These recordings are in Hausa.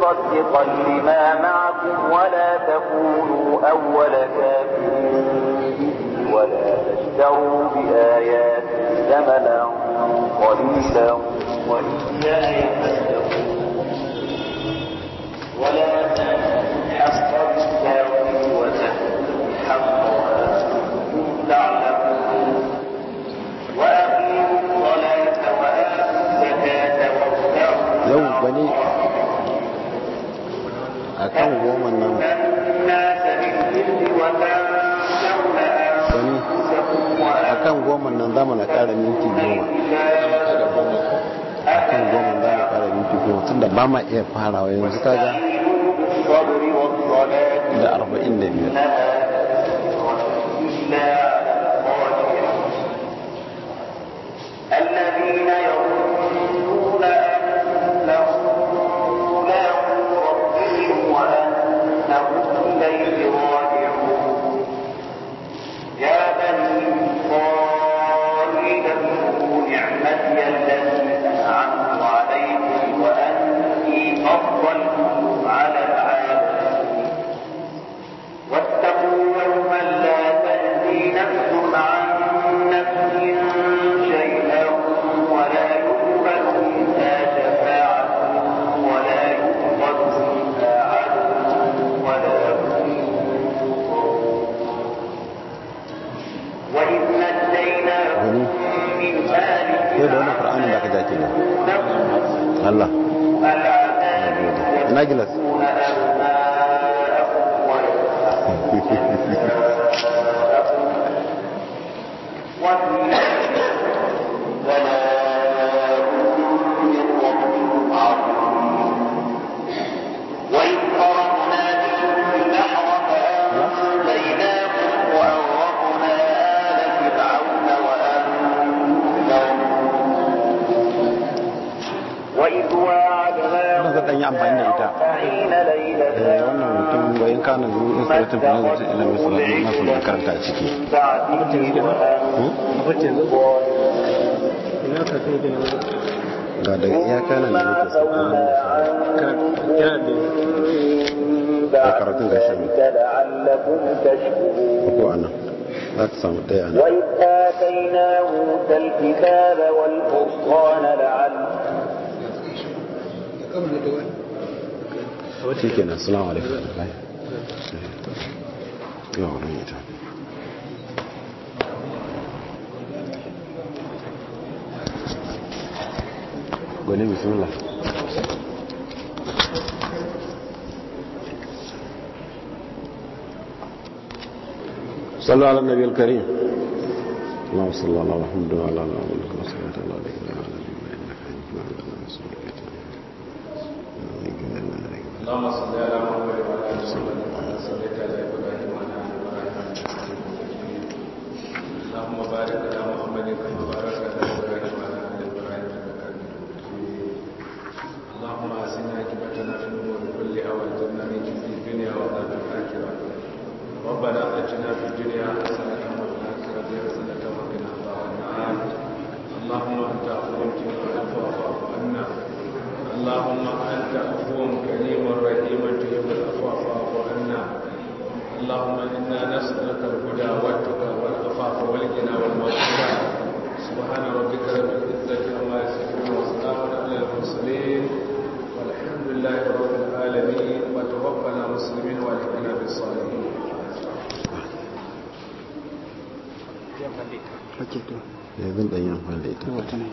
مصدقا لما معكم ولا تكونوا أول كافرين ولا تشتروا بآيات ثمنا قليلا وإياي kan goma nan sani a kan goma nan za mu na ƙara minti goma a kan goma za mu ƙara minti goma tun da ba ma iya farawa yanzu ta ga da arba'in da biyar لعلكم تشكرون وإذ آتينا موسى الكتاب والفرقان لعلكم شكرا السلام عليكم يا رب Gwanin bismillah. صلوا على النبي الكريم اللهم صل على محمد وعلى آله وصحبه اللهم صل على محمد وعلى صليت على إبراهيم وعلى آل اللهم بارك على محمد كما باركت آتنا في الدنيا حسنة وفي الآخرة حسنة وقنا عذاب النار اللهم أنت عفو جميل فاعف عنا اللهم أنت عفو كريم رحيم تهب العفو فاعف عنا اللهم إنا نسأل zan ɗan yi amfani da ita wata ne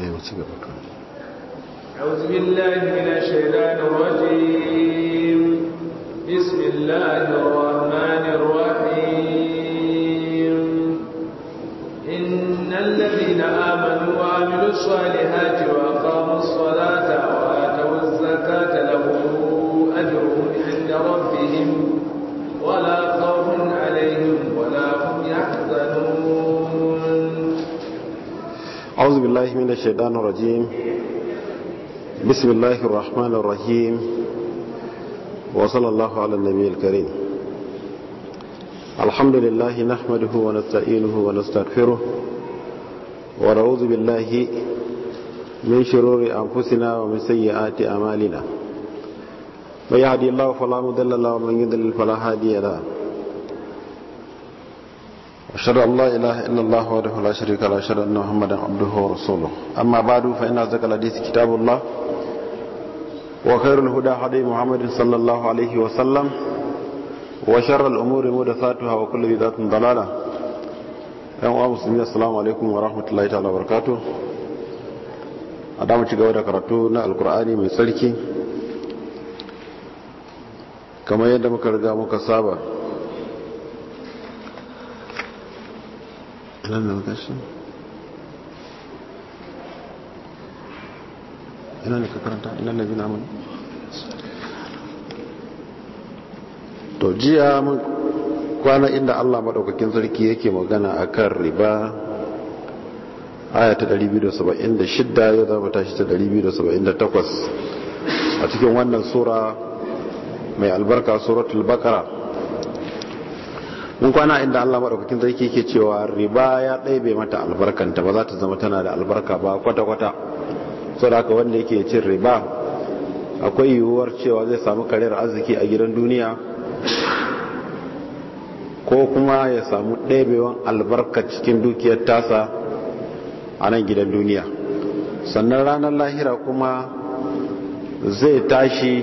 eh mu ci gaba to أعوذ بالله من الشيطان الرجيم بسم الله الرحمن الرحيم إن الذين آمنوا وعملوا الصالحات من الشيطان الرجيم بسم الله الرحمن الرحيم وصلى الله على النبي الكريم الحمد لله نحمده ونستعينه ونستغفره ونعوذ بالله من شرور أنفسنا ومن سيئات أعمالنا من يهدي الله فلا مضل له ومن يضلل فلا هادي له أشهد أن لا إله إلا الله وحده لا شريك له أشهد أن محمدا عبده ورسوله أما بعد فإن أصدق الحديث كتاب الله وخير الهدى هدي محمد صلى الله عليه وسلم وشر الأمور محدثاتها وكل ذات ضلالة أيها المسلمين السلام عليكم ورحمة الله تعالى وبركاته a damu ci gaba da karatu na alkur'ani mai tsarki kamar yadda muka riga muka saba Another question? ina ne ka karanta ina to jiya kwana inda Allah madaukakin sarki yake magana akan riba aya ta 276 ya zama tashi ta 278 a cikin wannan sura mai albarka suratul baqara mun kwana inda Allah madaukakin sarki yake cewa riba ya ɗaibe mata albarkanta ba za ta zama tana da albarka ba kwata-kwata sau da aka wanda yake cin riba akwai yiwuwar cewa zai samu karyar arziki a gidan duniya ko kuma ya samu ɗaibewan albarka cikin dukiyar tasa a nan gidan duniya sannan ranar lahira kuma zai tashi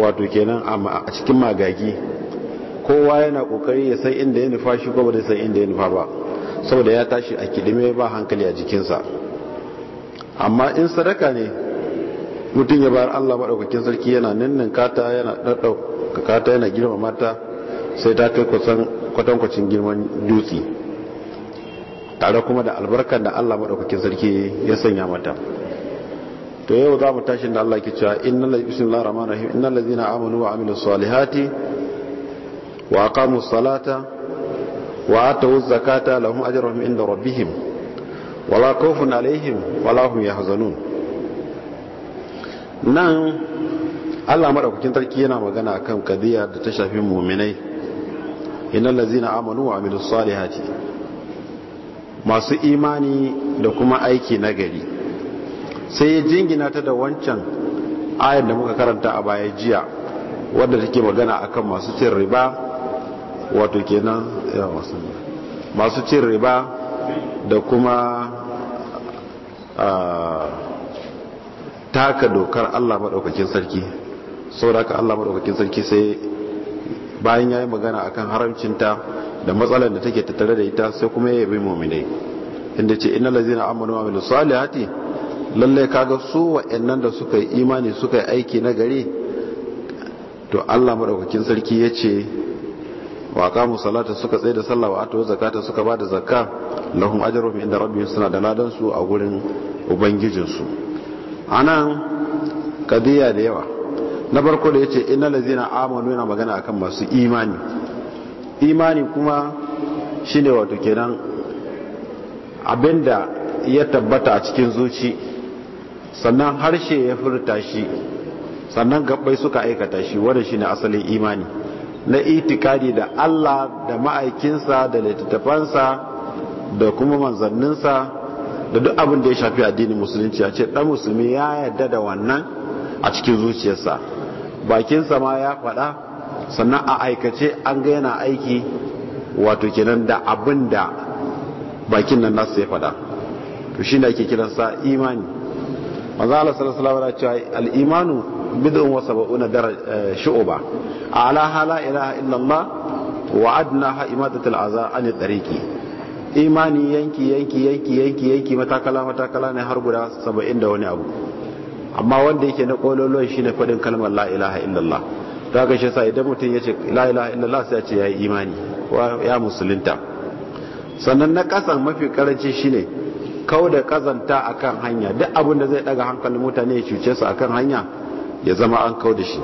wato kenan a cikin magagi kowa yana kokari ya san inda ya nufa shi ko ba san inda ya nufa ba saboda ya tashi a kidime ba hankali a jikinsa amma in sadaka ne mutum ya bayar Allah maɗaukakin sarki yana ninnin kata yana ɗaɗɗauka kata yana girma mata sai ta kai kwatankwacin girman dutse tare kuma da albarkar da Allah maɗaukakin sarki ya sanya mata to yau za mu tashi da Allah ke cewa innal ladina amanu wa amilus salihati wa aqamu salata wa atu zakata lahum ajruhum inda rabbihim wala khawfun alaihim wala hum yahzanun nan Allah madaukakin tarki yana magana akan kadiya da ta shafi mu'minai innal ladzina amanu wa amilus salihati masu imani da kuma aiki nagari sai ya jingina ta da wancan ayar da muka karanta a baya jiya wadda take magana akan masu cin riba wato kenan masu cin riba da kuma ah, taka dokar Allah maɗaukakin sarki sau da aka Allah maɗaukakin sarki sai bayan ya yi magana kan haramcinta da matsalar da take tattare da ita sai kuma ya yabi mominai inda ce ina lazina amanu amilu hati lallai kaga su wa'annan da suka yi imani suka yi aiki na gari to Allah maɗaukakin sarki ya ce wa aqamu salata suka tsaye da sallah wa atu zakata suka ba da zakka lahum ajruhum inda rabbihim suna da ladan su a gurin ubangijin su anan kadiya da yawa na farko da yace innal ladzina amanu yana magana akan masu imani imani kuma shine wato kenan abinda ya tabbata a cikin zuci sannan harshe ya furta shi sannan gabbai suka aikata shi wannan shine asalin imani na itikadi da Allah da ma'aikinsa da littattafansa da kuma manzanninsa da duk abin da ya shafi addinin musulunci a ce dan musulmi ya yarda da wannan a cikin zuciyarsa bakinsa ma ya faɗa sannan a aikace an ga yana aiki wato kenan da abin da bakin nan nasu ya faɗa to shine ake kiransa imani manzala Allah sallallahu alaihi al-imanu bid'un wa sab'una shu'ba alaha la ilaha illallah wa adnaha imadat al'aza an tariqi imani yanki yanki yanki yanki yanki matakala matakala ne har guda سبعين da wani abu amma wanda yake na kololon shine fadin kalmar la ilaha illallah ta ga shi sai idan mutum yace la ilaha illallah sai ya ce yayi imani ya musulunta sannan na kasan mafi karanci shine kau da kazanta akan hanya duk abin da zai daga hankalin mutane ya cuce su akan hanya ya zama an kau da shi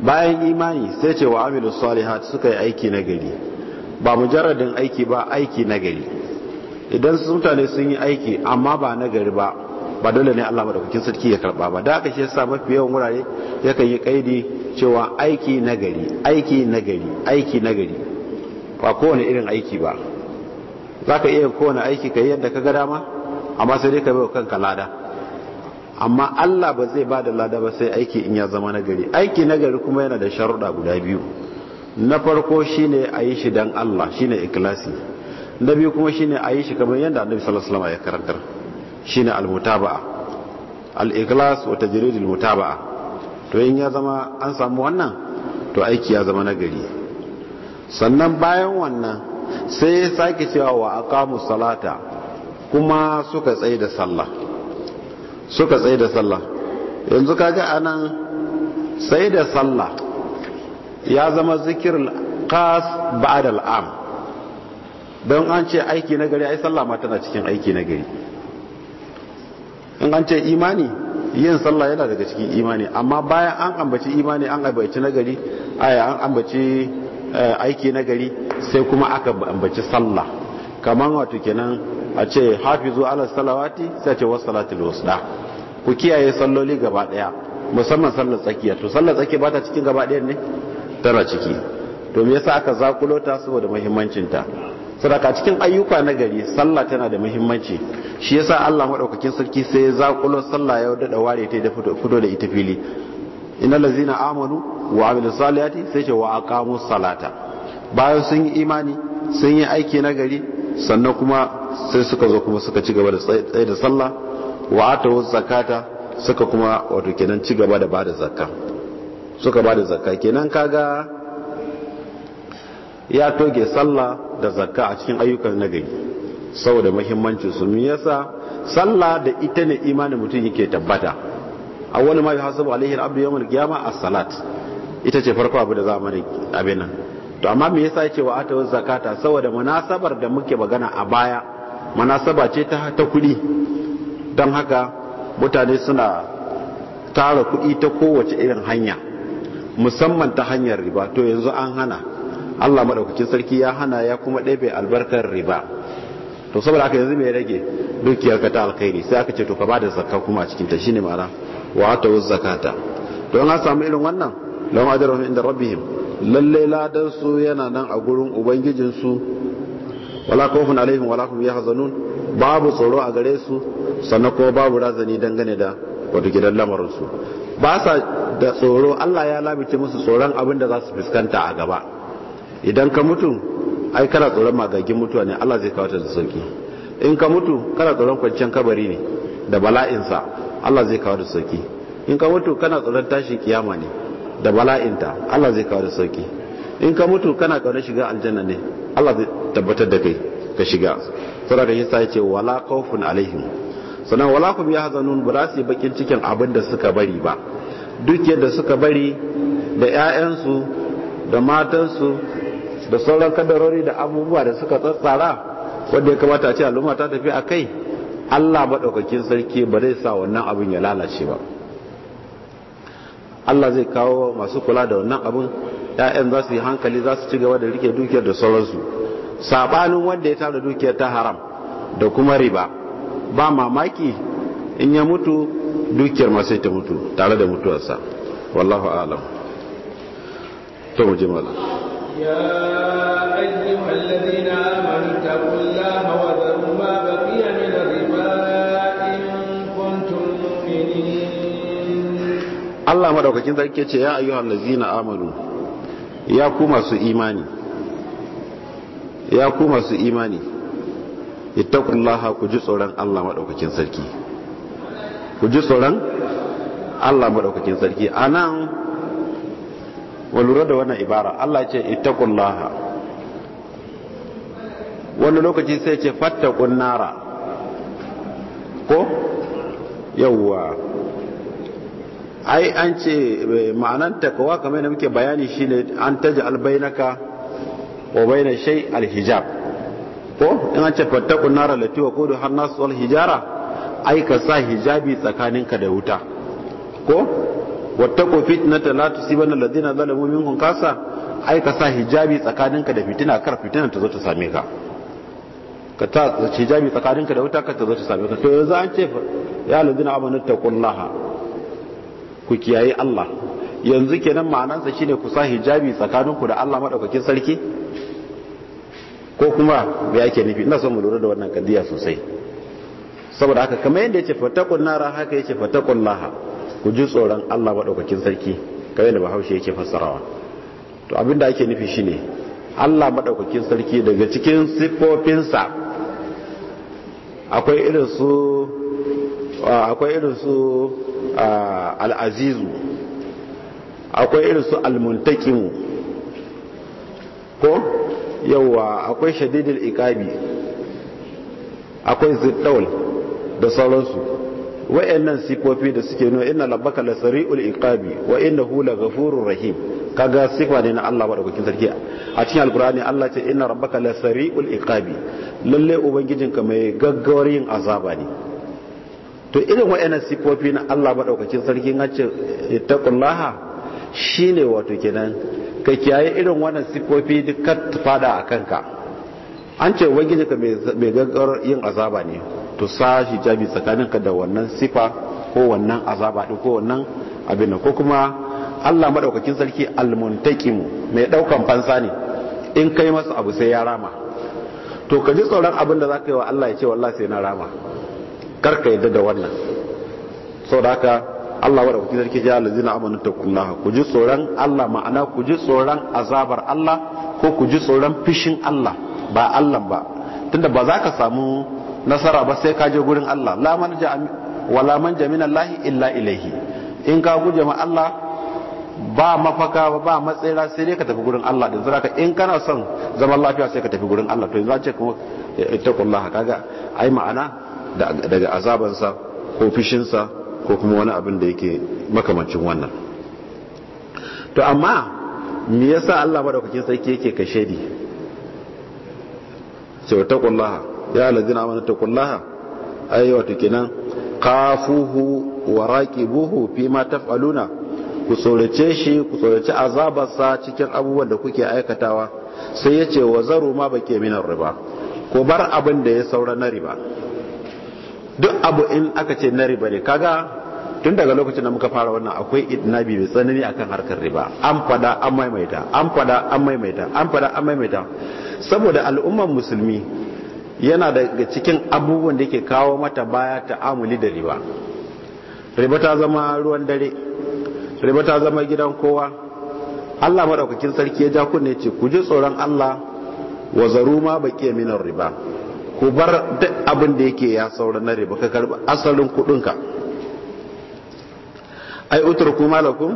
bayan imani sai ce wa amilu salihat suka yi aiki na gari ba mujarradin aiki ba aiki na gari idan mutane sun yi aiki amma ba na gari ba ba dole ne Allah madaukakin sarki ya karba ba da aka shi yasa mafi yawan wurare yakan yi kaidi cewa aiki na gari aiki na gari aiki na gari ba kowane irin aiki ba zaka iya kowane aiki kai yadda ka ga dama amma sai dai ka bai kanka lada amma Allah ba zai bada lada ba sai aiki in ya zama nagari aiki nagari kuma yana da sharuɗa guda biyu na farko shine a yi shi don Allah shine ikilasi na biyu kuma shine a yi shi kamar yadda annabi sallallahu alaihi ya karantar shine almutaba'a al-ikhlas wa tajrid al-mutaba'a to in ya zama an samu wannan to aiki ya zama nagari sannan bayan wannan sai ya sake cewa wa aqamu salata kuma suka tsaye da sallah suka tsaye da sallah yanzu kaga anan tsaye da sallah ya zama zikirin qas ba'dal am don an ce aiki na gari ai sallah ma tana cikin aiki na gari in an ce imani yin sallah yana daga cikin imani amma bayan an ambaci imani an ambaci nagari aya an ambaci eh, aiki nagari sai kuma aka ambaci sallah kamar wato kenan a ce hafizu ala salawati sai ce wasu salatul da ku kiyaye salloli gaba daya musamman sallar tsakiya to sallar tsaki ba ta cikin gaba daya ne tana ciki to me yasa aka zakulo ta saboda muhimmancin ta sadaka cikin ayyuka na gari sallah tana da muhimmanci shi yasa Allah madaukakin sarki sai ya zakulo sallah ya dada ware ta da fito da ita fili innal ladzina amanu wa amilus salihati sai ce wa aqamus salata bayan sun yi imani sun yi aiki na gari sannan kuma sai suka zo kuma suka ci gaba da tsaye da sallah wa atawu zakata suka kuma wato kenan ci gaba da bada zakka suka bada zakka kenan kaga ya toge sallah da zakka a cikin ayyukan nagari saboda muhimmancin su me yasa sallah da ita ne imanin mutum yake tabbata awwal ma yuhasabu alaihi al-abdu yawm al-qiyamah as-salat ita ce farko abu da za mu abin nan to amma me yasa yace wa atawu zakata saboda munasabar da muke magana a baya manasaba ce ta kuɗi don haka mutane suna tara kuɗi ta kowace irin hanya musamman ta hanyar riba to yanzu an hana Allah maɗaukacin sarki ya hana ya kuma ɗebe albarkar riba to saboda haka yanzu mai rage dukiyar ka ta alkhairi sai aka ce to ka da zakka kuma a cikin ta shine ma'ana wa ta zakata To an samu irin wannan lahum ajruhum inda rabbihim lalle ladan su yana nan a gurin ubangijin su wala khawfun alaihim wala hum yahzanun babu tsoro a gare su sannan kuma babu razani dangane da wato gidan lamarin su ba sa da tsoro Allah ya labice musu tsoron abin da za su fuskanta a gaba idan ka mutu ai kana tsoron magagin mutuwa ne Allah zai kawo ta da sauki in ka mutu kana tsoron kwanciyar kabari ne da bala'insa Allah zai kawo da sauki in ka mutu kana tsoron tashin kiyama ne da bala'inta Allah zai kawo da sauki in ka mutu kana kaunar shiga aljanna ne Allah zai tabbatar da kai ka shiga sura da yasa yace wala khawfun alaihim sannan wala kum yahzanun ba za su bakin cikin abin da suka bari ba duk yadda suka bari da su da matansu da sauran kadarori da abubuwa da suka tsatsara wanda ya kamata a ce al'umma ta tafi a kai Allah maɗaukakin sarki ba zai sa wannan abin ya lalace ba Allah zai kawo masu kula da wannan abin 'ya'yan za su yi hankali za su ci gaba da rike dukiyar da sauransu sabanin wanda ya tara dukiyar ta haram da kuma riba ba mamaki in ya mutu dukiyar ma sai ta mutu tare da mutuwarsa wallahu alam to mu jimala Allah madaukakin sarki ce ya na amanu ya ku masu imani ya ku masu imani ittaqullaha ku ji tsoron Allah madaukakin sarki ku ji tsoron Allah madaukakin sarki anan walura da wannan ibara Allah ce ittaqullaha wani lokaci sai ce fattakun nara ko yawwa ai an ce eh, ma'anan takawa kamar da muke bayani shine an taja albainaka wa baina shay alhijab ko in an ce fattaqun nar ralati wa har hannas wal hijara ai ka sa hijabi tsakaninka da wuta ko wattaqu fitnata la tusibanna alladhina zalamu minkum kasa ai ka sa hijabi tsakaninka da fitina kar fitina ta zo ta same ka ka ta hijabi tsakaninka da wuta ka ta zo ta same ka to yanzu an ce ya alladhina amanu taqullaha ku kiyaye Allah yanzu kenan ma'anansa shine ku sa hijabi tsakaninku da Allah madaukakin sarki ko kuma me yake nufi ina son mu lura da wannan kadiya sosai saboda haka kamar yadda yake fatakun nara haka yake fatakun laha ku ji tsoron Allah madaukakin sarki kamar wanda Bahaushe yake fassarawa to abinda ake nufi shine Allah madaukakin sarki daga cikin siffofinsa akwai irin su akwai irin su al'azizu akwai irin su almuntakimu ko yawa akwai shadidul ikabi akwai ziddawal da sauransu nan sifofi da suke nuna inna labbaka lasari'ul iqabi wa innahu laghafurur rahim kaga sifa ne na Allah madaukakin sarki a cikin alqur'ani Allah ce inna rabbaka lasari'ul iqabi lalle ubangijinka mai gaggawar yin azaba ne to irin wa'annan sifofi na Allah maɗaukakin sarki na ce eh, shi ne wato kenan ka kiyaye irin wannan sifofi duk ka fada a kanka an ce wajen ka mai gaggar yin azaba ne to sa shi tsakanin tsakaninka da wannan sifa ko wannan azaba din ko wannan abin ko kuma Allah maɗaukakin sarki almuntakin mai ɗaukan fansa ne in kai masa abu sai ya rama to ka ji tsoron abin da za ka yi wa Allah ya ce wallahi sai na rama karka yadda da wannan sau da haka Allah wadda kuke sarki ya lalzi na amanu ta kullaha ku ji tsoron Allah ma'ana ku ji tsoron azabar Allah ko ku ji tsoron fishin Allah ba Allah ba tunda ba za ka samu nasara ba sai ka je gurin Allah la manja wala manja min Allah illa ilahi in ka guje ma Allah ba mafaka ba matsayira sai dai ka tafi gurin Allah da zaka in kana son zaman lafiya sai ka tafi gurin Allah to yanzu a ce kuma ittaqullaha kaga ai ma'ana daga azabansa ko fishinsa ko kuma wani abin da yake makamancin wannan to amma me yasa Allah da madaukakin ke yake kashe ni sai ta kullaha ya alladina amanu ta kullaha ayi wato kenan qafuhu wa raqibuhu fi ma taf'aluna ku tsorace shi ku tsorace azabarsa cikin abubuwan da kuke aikatawa sai yace wa zaru ma bake minar riba ko bar abin da ya saura na riba duk abu in aka ce na riba ne kaga tun daga lokacin da muka fara wannan akwai idnabi mai tsanani akan harkar riba an fada an maimaita an fada an maimaita an fada an maimaita saboda al'ummar musulmi yana daga cikin abubuwan da yake kawo mata baya ta ta'amuli da riba riba ta zama ruwan dare riba ta zama gidan kowa Allah madaukakin sarki ya ja kunne ce ku ji tsoron Allah wa zaruma ma baqiya minar riba ku bar duk abin da yake ya saura na riba ka karba asalin kudinka ai utur kuma ku?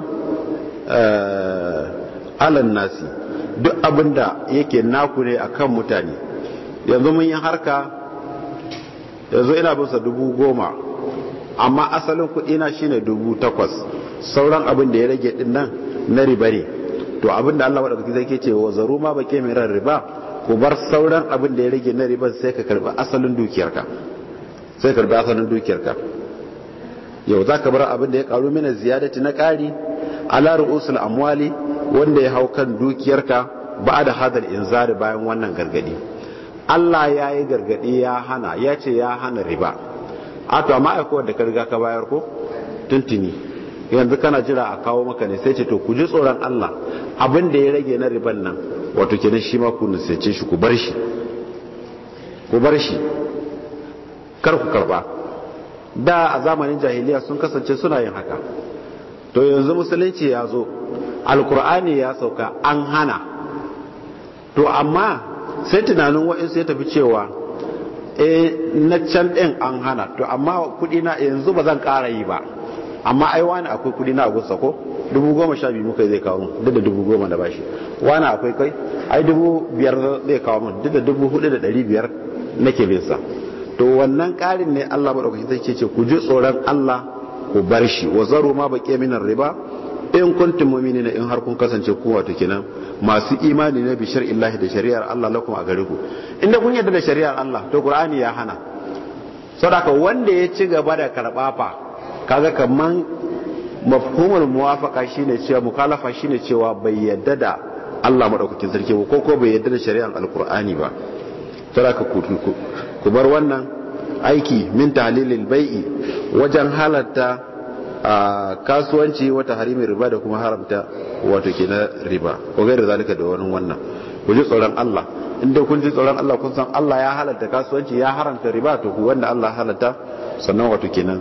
Eh, alan nasi duk abin da yake naku ne akan mutane yanzu mun yi harka yanzu ina sa dubu goma amma asalin kudina shine dubu takwas sauran abin da ya rage din nan na riba ne to abin da Allah wadda zai ke ce wa zaru ma bake mai ran riba ku bar sauran abin da ya rage na riban sai ka karbi asalin dukiyarka sai ka karba asalin dukiyarka yau za ka bar abin da ya karu mina ziyadati na kari ala ru'usul amwali wanda ya hau kan dukiyarka ba da in zari bayan wannan gargadi Allah ya yi gargadi ya hana ya ce ya hana riba a to amma aiko da ka riga ka bayar ko tuntuni yanzu kana jira a kawo maka ne sai ce to ku ji tsoron Allah abin da ya rage na riban nan wato kenan shi ma ku nisance shi ku bar shi ku bar shi kar ku karba da a zamanin jahiliya sun kasance suna yin haka to yanzu musulunci ya zo alkur'ani ya sauka an hana to amma sai tunanin wa'insu ya tafi cewa e na can ɗin an hana to amma kuɗi na yanzu ba zan ƙara yi ba amma ai wani akwai kudi na agusta ko dubu goma sha biyu kai zai kawo mun duk da dubu goma da bashi wani akwai kai ai dubu biyar zai kawo mun duk da dubu hudu da dari biyar nake bin sa to wannan karin ne Allah madaukakin sarki ce ku ji tsoron Allah ku bar shi wa zaru ma baqiya minar riba in kuntum mu'minina in har kun kasance ku wato kenan masu imani na bi shar'illahi da shari'ar Allah lakum a gare ku inda kun yarda da shari'ar Allah to Qur'ani ya hana sadaka wanda ya ci gaba da karɓafa. kaga kaman mafhumul muwafaqa shine cewa mukhalafa shine cewa bai yadda da Allah madaukakin sarki ko ko bai yadda da shari'ar alqur'ani ba ka ku ku bar wannan aiki min talilil bai'i wajen halatta kasuwanci wata harimin riba da kuma haramta wato ke na riba ko da zalika da wani wannan ku ji tsoron Allah inda kun ji tsoron Allah kun san Allah ya halatta kasuwanci ya haramta riba to ku wanda Allah halatta sannan wato kenan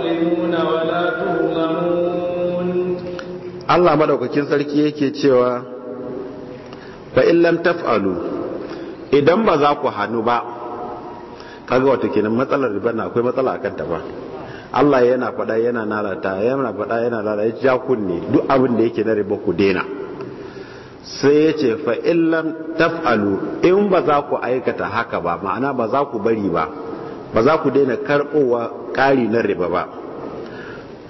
Allah maɗaukakin Sarki yake cewa fa lam taf'alu idan ba za ku hannu ba kaga wato kenan matsalar riba na akwai matsala akan ta ba Allah yana faɗa yana narata yana faɗa yana lalata ya ja kunne duk abin da yake na riba ku daina sai ya ce fa'illan taf'alu in ba za ku aikata haka ba ma'ana ba za ku bari ba ba za ku daina karɓowa ƙari na riba ba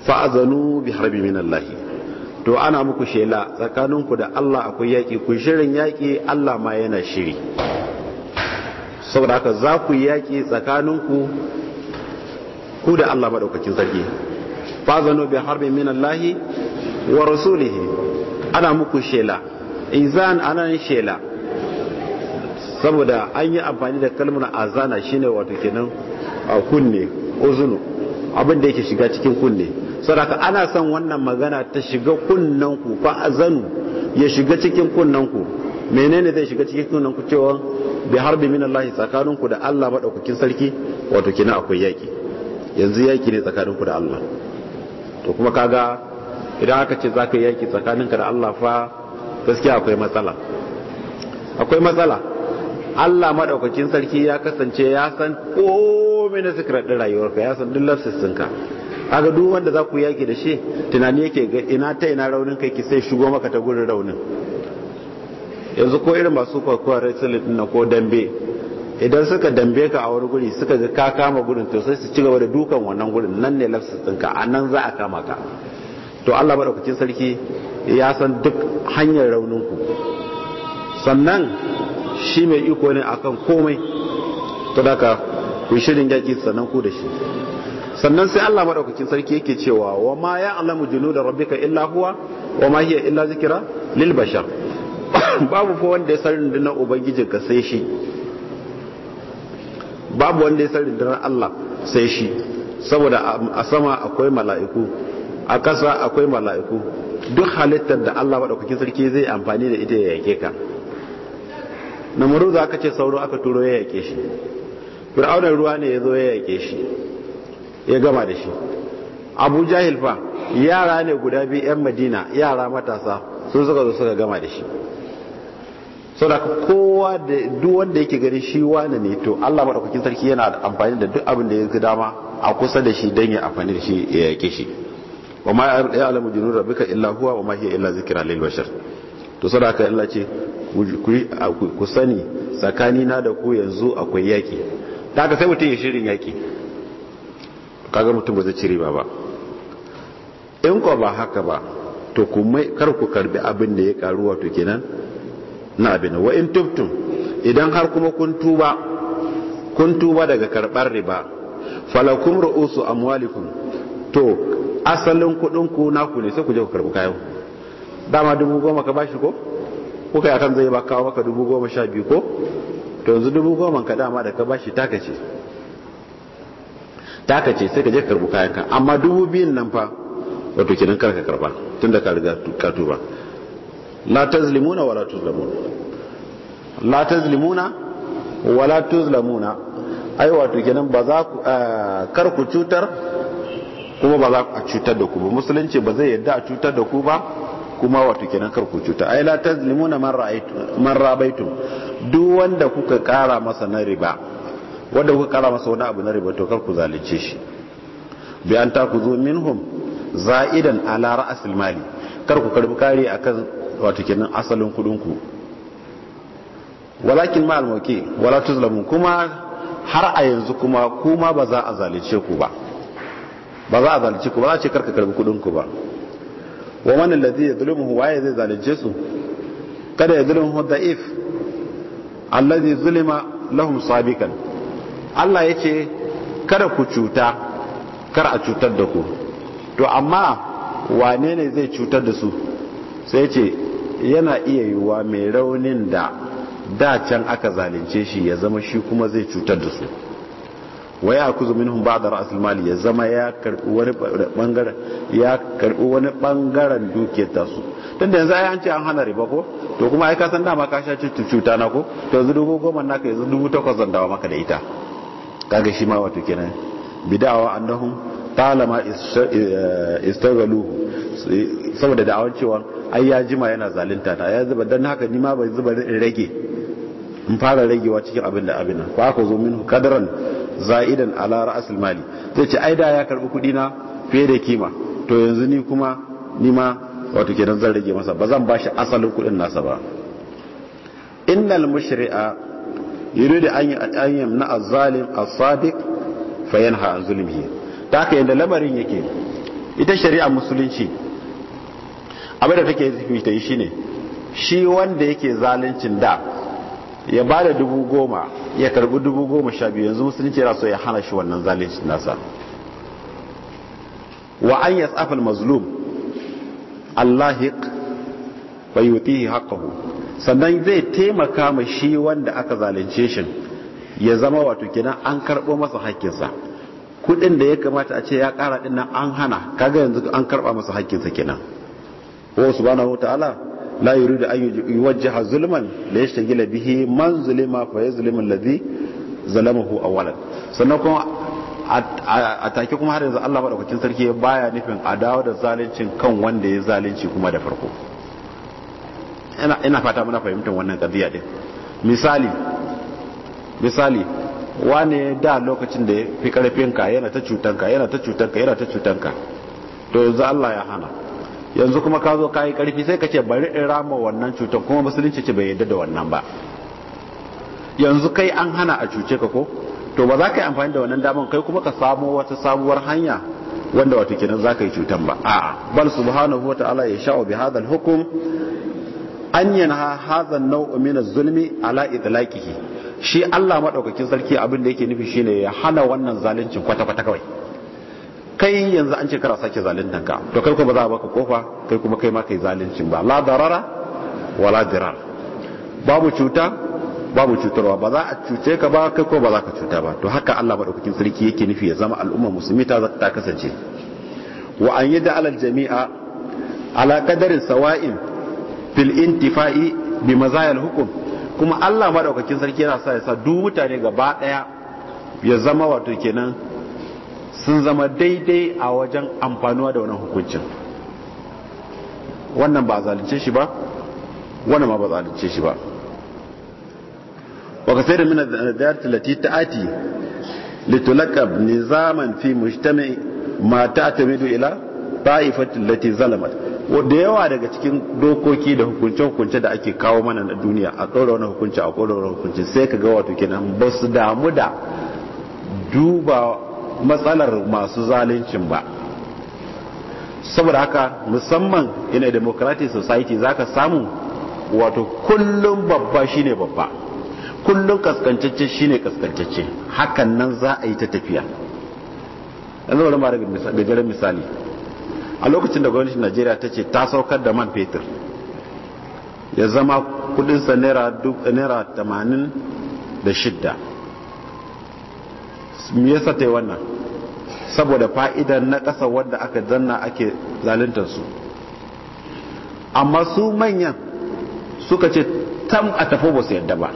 fa'azanu bi harbi min Allah to ana muku shela tsakaninku da Allah akwai yaƙi ku shirin yaƙi Allah ma yana shiri saboda haka za ku yaƙi tsakaninku ku da Allah maɗaukacin sarki fa'azanu bi harbi min Allah wa rasulihi ana muku shela izan anan shela saboda an yi amfani da kalmar azana shine wato kenan a kunne uzunu abin da yake shiga cikin kunne saraka ana son wannan magana ta shiga kunnan ku fa azanu ya shiga cikin kunnan ku menene zai shiga cikin kunnan ku cewa bi harbi min Allah tsakanin ku da Allah madaukakin sarki wato kina akwai yaki yanzu yaki ne tsakanin ku da Allah to kuma kaga idan aka ce zaka yi yaki tsakaninka da Allah fa gaskiya akwai matsala akwai matsala Allah madaukakin sarki ya kasance ya san komai na sikirar da rayuwarka ya san duk lafsisinka kaga duk wanda za ku yaki da shi tunani yake ga ina ta ina raunin kai ki sai shigo maka ta gurin raunin yanzu ko irin masu kwakwa wrestling din ko dambe idan suka dambe ka a wani guri suka ga ka kama gurin to sai su ci gaba da dukan wannan gurin nan ne lafsa tsinka a nan za a kama ka to Allah madaukakin sarki ya san duk hanyar raunin ku sannan shi mai iko ne akan komai to daga ku shirin yaki sannan ku da shi sannan sai Allah madaukakin sarki yake cewa wa ma ya'lamu junuda rabbika illa huwa wa ma hiya illa zikra lil bashar babu ko wanda ya san rundunar ubangijin ka sai shi babu wanda ya san rundunar Allah sai shi saboda a sama akwai mala'iku a ƙasa akwai mala'iku duk halittar da Allah madaukakin sarki zai amfani da ita ya yake ka namuru za ka ce sauro aka turo ya yake shi fir'aunar ruwa ne ya zo ya yake shi ya gama da shi abu jahil fa yara ne guda biyu 'yan madina yara matasa sun suka zo suka gama da shi saboda kowa da duk wanda yake gani shi wani ne to Allah maɗaukakin sarki yana amfani da duk abin da ya dama a kusa da shi don ya amfani da shi ya yake shi wa ma ya'lamu junur rabbika illa huwa wa ma hiya illa zikra lil bashar to saboda Allah ce ku sani tsakanina da ku yanzu akwai yaki ta ka sai mutum ya shirin yaki kaga mutum ba zai ci riba ba in ko ba haka ba to mai kar ku karbi abin da ya karu wato kenan na abin wa in tubtum idan har kuma kun tuba kun tuba daga karbar riba falakum ru'usu amwalikum to asalin kudin ku ku ne sai ku je ku karbi kayan dama dubu goma ka bashi ko kuka yi akan zai ba kawo maka dubu goma sha biyu ko to yanzu dubu goma ka dama da ka bashi takace ce ta ka ce sai ka je karbu kayan ka amma dubu biyun nan fa wato kenan kar ka karba tunda ka riga ka tuba la tazlimuna wala tuzlamuna la tazlimuna wala tuzlamuna ai wato kenan ba za ku eh, kar ku cutar kuma ba za ku cutar da ku ba musulunci ba zai yadda a cutar da ku ba kuma wato kenan kar ku cuta ai la tazlimuna man ra'aytu man rabaitum duk wanda kuka kara masa na riba wanda kuka kara masa wani abu na riba to kar ku zalice shi bi an ta ku zo minhum za'idan ala ra'asil mali kar ku karbi kare akan wato kenan asalin kudin ku walakin ma almuki wala tuzlamu kuma har a yanzu kuma kuma ba za a zalice ku ba ba za a zalice ku ba za a ce karka karbi kudin ku ba wa man alladhi yadhlimuhu wa zai zalice su kada yadhlimuhu da'if alladhi zulima lahum sabiqan Allah ya ce kada ku cuta kar a cutar da ku to amma wane ne zai cutar da su sai ce yana iya yiwuwa mai raunin da dacan aka zalunce shi ya zama shi kuma zai cutar da su wa ya hun ba da ra'asul mali ya zama ya karbi wani bangaren ya karbi wani bangaren duke ta su tunda yanzu ai an ce an hana riba ko to kuma ai ka san dama ka sha cuta na ko to yanzu dubu goma naka yanzu dubu takwas zan dawo maka da ita kaga shi ma wato kenan bid'awa annahum talama eh, istagalu saboda awan cewa ai ya jima yana zalunta ta ya zuba dan haka ni ma bai zuba rage in fara ragewa cikin abin da abin fa ka zo min kadaran za'idan ala ra'sul mali sai ce ai da ya karbi kudi na fiye da kima to yanzu ni kuma ni ma wato kenan zan rage masa ba zan bashi asalin kudin nasa ba innal mushri'a yuridu an yamna az-zalim as-sadiq fayanha an zulmihi ta haka yanda lamarin yake ita shari'a musulunci abin da take yi ta yi ne shi wanda yake zaluncin da ya ba da dubu goma ya karbi dubu goma sha biyu yanzu musulunci yana so ya hana shi wannan zaluncin nasa wa an yas'afal mazlum allahiq wa yutihi haqqahu sannan zai taimaka ma shi wanda aka zalunce shi ya zama wato kenan an karbo masa haƙƙinsa kuɗin da ya kamata a ce ya ƙara din nan an hana kaga yanzu an karba masa haƙƙinsa kenan wa subhanahu ta'ala la yuridu an yuwajjaha zulman la yashtagila bihi man zulima fa yazlimu alladhi zalamahu awwalan sannan kuma a take kuma har yanzu Allah madaukakin sarki baya nufin a dawo da zaluncin kan wanda ya zalunci kuma da farko ina fata muna fahimtar wannan kadiyya din misali misali wane da lokacin da fi karfinka yana ta cutanka yana ta cutanka yana ta cutanka to yanzu Allah ya hana yanzu kuma ka zo kayi karfi sai ka ce bari in rama wannan cutar kuma musulunci ce bai yadda da wannan ba yanzu kai an hana a cuce ka ko to ba za ka yi amfani da wannan damar kai kuma ka samo wata sabuwar hanya wanda wata kenan za ka yi cutan ba a'a bal subhanahu wa ta'ala ya sha'u bi hadha hukum. hukm an yanha hadha an min zulmi ala idlaqihi shi Allah madaukakin sarki abin da yake nufi shine ya hana wannan zaluncin kwata kwata kawai kai yanzu an ce kara sake zaluntan ka to kai kuma ba za a baka kofa kai kuma kai ma kai zaluncin ba la darara wala dirar babu cuta babu cutarwa ba za a cuce ka ba kai ko ba za ka cuta ba to haka Allah madaukakin sarki yake nufi ya zama al'umma musulmi ta ta kasance wa an da alal jami'a ala kadarin sawa'in fil intifa'i bi mazayal hukum kuma Allah madaukakin sarki yana sa ya sa duk mutane gaba daya ya zama wato kenan sun zama daidai a wajen amfanuwa da wannan hukuncin wannan ba zalunce shi ba wannan ma ba zalunce shi ba wa kasayda min al-dhiyarati allati ta'ati litulaqab nizaman fi mujtami ma ta'tamidu ila ta'ifati allati zalamat da yawa daga cikin dokoki da hukunce-hukunce da ake kawo mana na duniya a tsoron wani hukunci a ɗora wani hukunci sai ka ga wato kenan ba su damu da duba matsalar masu zaluncin ba saboda haka musamman ina democratic society za ka samu wato kullum babba shine babba kullum shi shine kaskancacce hakan nan za a yi ta tafiya yanzu wani ma gajeren misali a lokacin da gwamnatin najeriya ta ce ta saukar da man fetur ya zama kudinsa naira tamanin da shidda me yasa ta yi wannan saboda fa'idan na ƙasa wadda aka zanna ake zaluntar su amma su manyan suka ce tam a tafi ba su yadda ba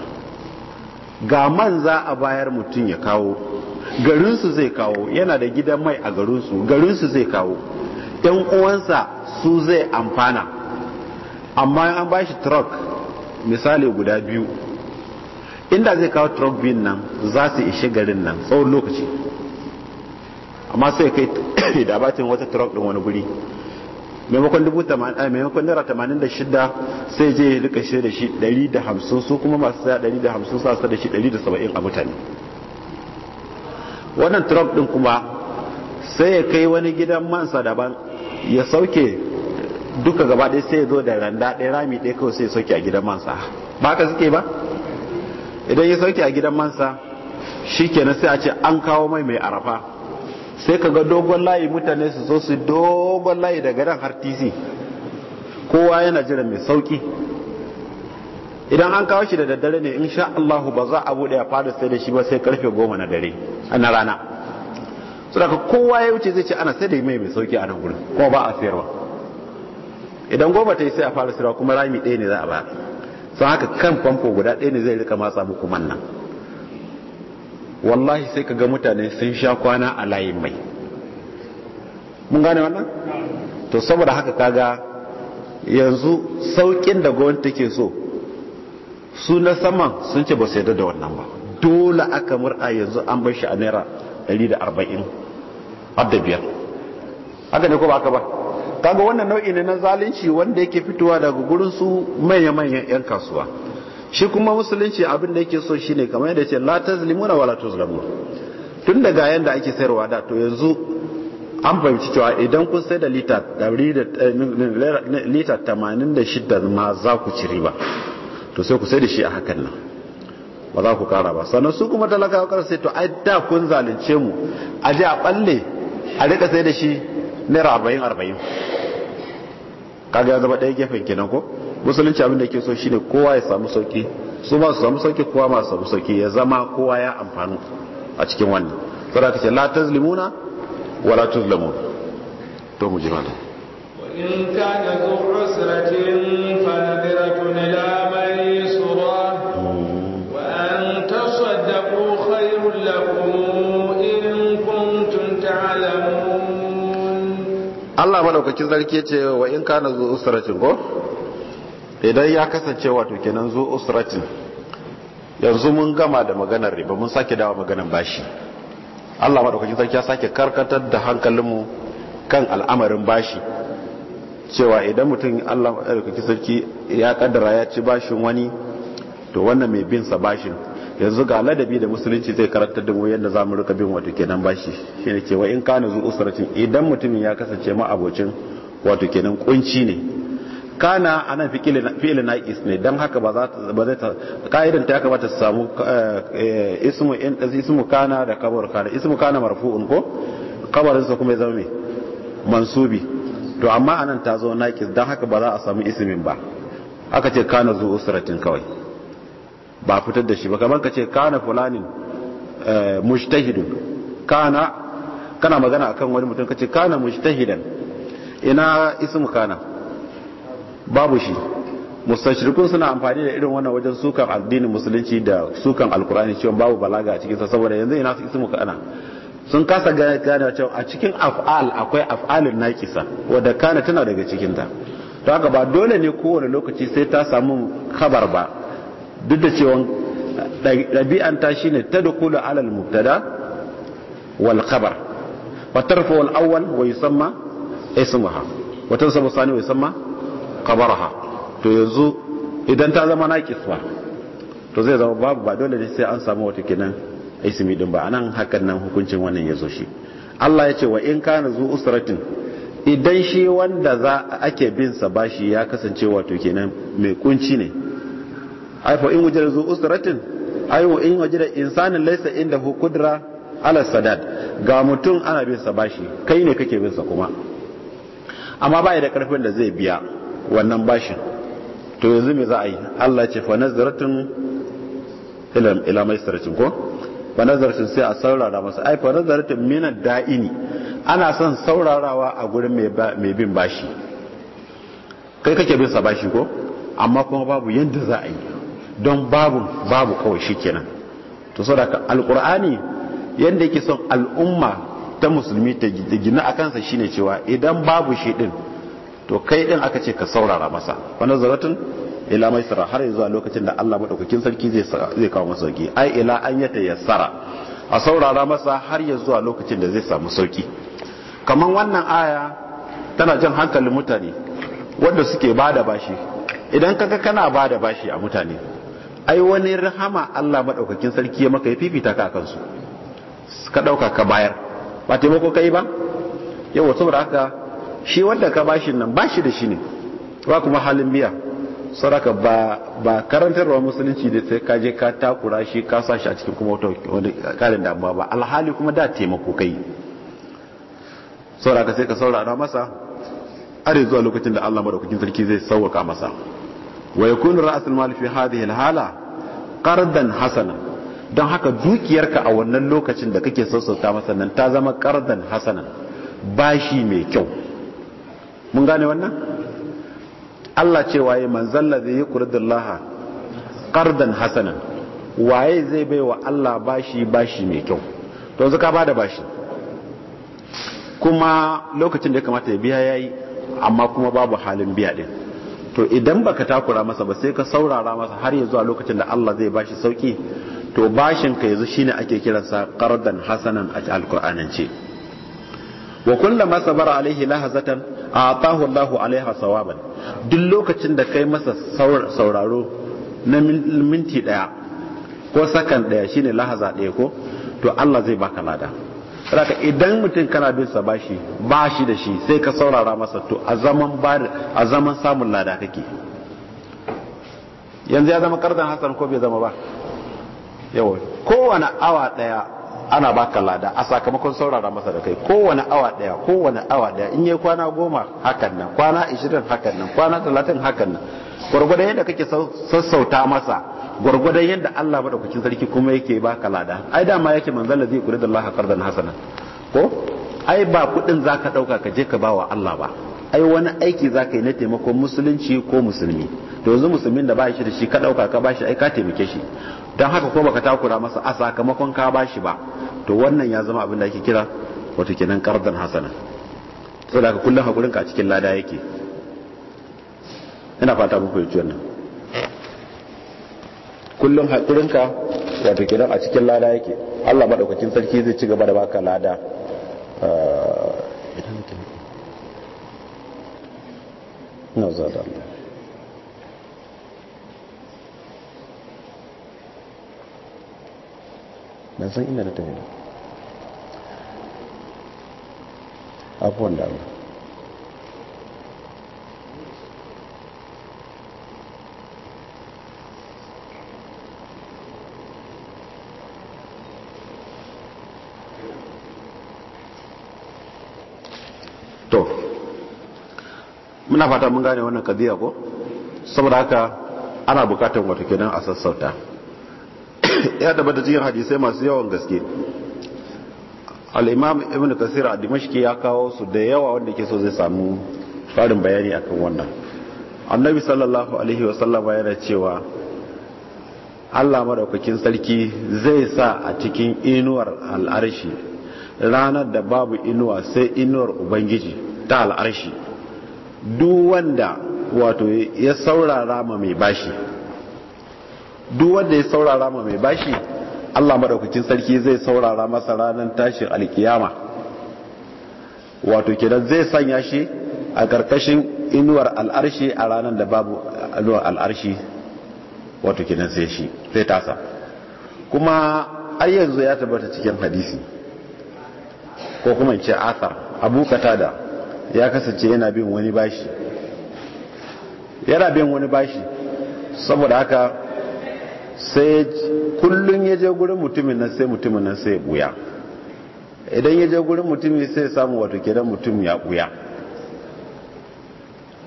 ga man za a bayar mutum ya kawo garinsu zai kawo yana da gidan mai a garinsu garinsu zai kawo yan uwansa su zai amfana amma an ba shi truck misali guda biyu inda zai kawo truck bin nan za su ishe garin nan tsawon lokaci amma sai kai da batin wata truck din wani guri maimakon dubu eh, maimakon naira tamanin da shida sai je ya rika shi da shi dari da hamsin su kuma masu saya dari da hamsin sa da shi dari da saba'in a mutane wannan truck ɗin kuma sai ya kai wani gidan mansa daban ya sauke duka gaba ɗaya sai ya zo da randa ɗaya rami ɗaya kawai sai ya sauke a gidan mansa ba haka suke ba idan ya sauke a gidan mansa shi kenan sai a ce an kawo mai mai arafa sai ka ga dogon layi mutane su zo su dogon layi daga ran har kowa yana jiran mai sauki idan an kawo shi da daddare ne insha Allah ba za a bude a fara sai da shi ba sai karfe goma na dare na rana saboda kowa ya wuce zai ce ana sai da mai mai sauki a nan gurin kuma ba a sayarwa idan goma ta yi sai a fara sayarwa kuma rami ɗaya ne za a ba sun haka kan famfo guda ɗaya ne zai rika matsa muku nan wallahi sai ka ga mutane sun sha kwana a layin mai mun gane wannan to saboda haka kaga yanzu saukin da gwamnati take so su na saman sun ce ba su yarda da wannan ba dole aka mur'a yanzu an bai shi a naira 140 har da biyar haka ne ko ba ka ba kaga wannan nau'i ne na zalunci wanda yake fitowa daga gurin su manya-manyan 'yan kasuwa shi kuma musulunci abin da yake so shine kamar yadda ce la tazlimuna wala tuzlamu tun daga yanda ake sayarwa da to yanzu an fahimci cewa idan kun sai da lita 86 eh, tamanin da ma za ku ci riba to sai ku sai da shi a hakan nan ba za ku kara ba sannan su kuma talakawa kar sai to ai da kun zalunce mu a je a balle a rika sai da shi naira arba'in arba'in kaga ya zama ɗaya gefen kenan ko musulunci abin da ke so shine kowa ya samu sauki su ma su samu sauki kowa ma su samu sauki ya zama kowa ya amfanu a cikin wannan saboda ka ce la tazlimuna wa la tuzlamun to mu ji da in kana fa nadiratun ila Allah madaukakin sarki ce wa in kana zu usratin ko idan ya kasance wato kenan zu usratin yanzu mun gama da maganar riba mun sake dawo maganar bashi Allah madaukakin sarki ya sake karkatar da hankalinmu kan al'amarin bashi cewa idan mutum Allah madaukakin sarki ya kaddara ya ci bashin wani to wannan mai bin sa bashin yanzu ga ladabi da musulunci zai karantar da mu yadda za mu rika bin wato kenan bashi shine ce wa in kana zu usratin idan mutumin ya kasance ma abocin wato kenan kunci ne kana anan fi'il naqis ne dan haka ba za ta ba zai ta kaidan ta kamata ta samu eh, ismu in ismu kana da kabar kana ismu kana marfu'un ko kabarinsa kuma ya zama me mansubi to amma anan ta zo naqis dan haka ba za a samu ismin ba aka ce kana zu usratin kawai ba fitar da shi ba kamar ka ce kana fulanin eh, mujtahidun kana kana magana akan wani mutum ka ce kana mujtahidan ina ismu kana babu shi mustashrikun suna amfani da irin wannan wajen sukan addinin musulunci da sukan alkurani cewa babu balaga a cikin sa saboda yanzu ina ismu kana sun kasa gane cewa a cikin af'al akwai af'alin naqisa wanda kana tana daga cikin ta to haka ba dole ne kowane lokaci sai ta samu khabar ba duk da cewa ɗabi'an ta shine tadkhulu ala alal mubtada wal khabar wa tarfu al-awwal wa yusamma ismuha wa tansabu thani wa yusamma khabaraha to yanzu idan ta zama na kiswa to zai zama babu ba dole ne sai an samu wata kenan ismi din ba anan hakan nan hukuncin wannan yazo shi Allah ya ce wa in kana zu usratin idan shi wanda za ake bin sa bashi ya kasance wato kenan mai kunci ne ai fa in wujida zu usratin ai wa in wujida insanin laysa inda hu kudra ala sadad ga mutum ana bin sa bashi kai ne kake bin sa kuma amma ba da karfin da zai biya wannan bashin to yanzu me za a yi Allah ce fa nazratun ila ila maisaratin ko fa nazratun sai a saurara masa ai fa nazratun min da'ini ana son saurarawa a gurin mai bin bashi kai kake bin sa bashi ko amma kuma babu yadda za a yi don babu babu kawai kenan, to saboda alqur'ani yanda yake son al'umma ta musulmi ta gina a kansa shine cewa idan babu shi din to kai din aka ce ka saurara masa wannan zaratun ila mai sara har zuwa lokacin da Allah madaukakin sarki zai zai kawo masa sauki ai ila an yata yassara a saurara masa har ya zuwa lokacin da zai samu sauki kaman wannan aya tana jan hankalin mutane wanda suke bada bashi idan kaga kana bada bashi a mutane ai wani rahama Allah madaukakin sarki ya maka ya fifita ka akan su ka dauka ka bayar ba taimako kai ba yawa saboda haka shi wanda ka bashin nan bashi da shi ne ba kuma halin biya saraka ba ba karantarwa musulunci da sai kaje ka takura shi ka sa shi a cikin kuma wata wani karin damuwa ba alhali kuma da taimako kai sauraka sai ka saurara masa har zuwa lokacin da Allah madaukakin sarki zai sauwaka masa wa yakunu المال في هذه hadhihi alhala حسنا hasana don haka dukiyarka a wannan lokacin da kake sassauta masa nan ta zama qardan hasana bashi mai kyau mun gane wannan Allah ce cewa yi manzon ladhi yuqridullaha qardan hasanan waye zai bai wa Allah bashi bashi mai kyau to yanzu ka bada bashi kuma lokacin da ya kamata ya biya yayi amma kuma babu halin biya din to idan baka takura masa ba sai ka saurara masa har ya zuwa lokacin da Allah zai bashi sauki to bashin ka yanzu shine ake kiransa qardan hasanan a alqur'anance wa kullama sabara alaihi lahazatan atahu Allah alaiha sawaban duk lokacin da kai masa sauraro na minti daya ko sakan daya shine lahaza daya ko to Allah zai baka lada raka idan mutum kana bin sa bashi bashi da shi sai ka saurara masa to a zaman a zaman samun lada kake yanzu ya zama kardan hasan ko bai zama ba yawa kowane awa daya ana baka lada a sakamakon saurara masa da kai kowane awa daya kowane awa daya in yi kwana goma hakan nan kwana ishirin hakan nan kwana talatin hakan nan gwargwadon yadda kake sassauta masa gwargwadon yadda Allah madaukakin sarki kuma yake baka lada ai dama yake manzon da zai kula da Allah fardan hasana ko ai ba kudin zaka ɗauka ka je ka bawa Allah ba ai wani aiki zaka yi na taimakon musulunci ko musulmi to yanzu musulmin da ba shi da shi ka dauka ka bashi ai ka taimake shi dan haka ko baka takura masa a sakamakon ka bashi ba to wannan ya zama abin da ake kira wato kenan qardan hasana saboda ka kullun hakurin ka cikin lada yake ina fata muku yi wannan kullum haƙurinka wato kenan a cikin lada yake Allah madaukakin sarki zai ci gaba da baka lada na zada na san inda na tafi abubuwan da Allah to muna fata mun gane wannan kadiya ko saboda haka ana bukatar wata kenan a sassauta ya tabbata cikin hadisai masu yawan gaske al'imam ibn kasir a dimashki ya kawo su da yawa wanda ke so zai samu farin bayani akan wannan annabi sallallahu alaihi wasallama yana cewa allah maɗaukakin sarki zai sa a cikin inuwar al'arshi ranar da babu inuwa sai inuwar ubangiji ta al'arshi duk wanda wato ya saurara ma mai bashi duk wanda ya saurara ma mai bashi Allah madaukakin sarki zai saurara masa ranar tashin alkiyama wato kenan zai sanya shi a karkashin inuwar al'arshi a ranar da babu inuwar al'arshi wato kenan sai shi zai tasa kuma har yanzu ya tabbata cikin hadisi ko kuma in ce athar abu katada ya kasance yana bin wani bashi yana bin wani bashi saboda haka sai kullum ya je gurin mutumin nan sai mutumin nan sai ya buya idan ya je gurin mutumin sai samu wato kenan mutum ya buya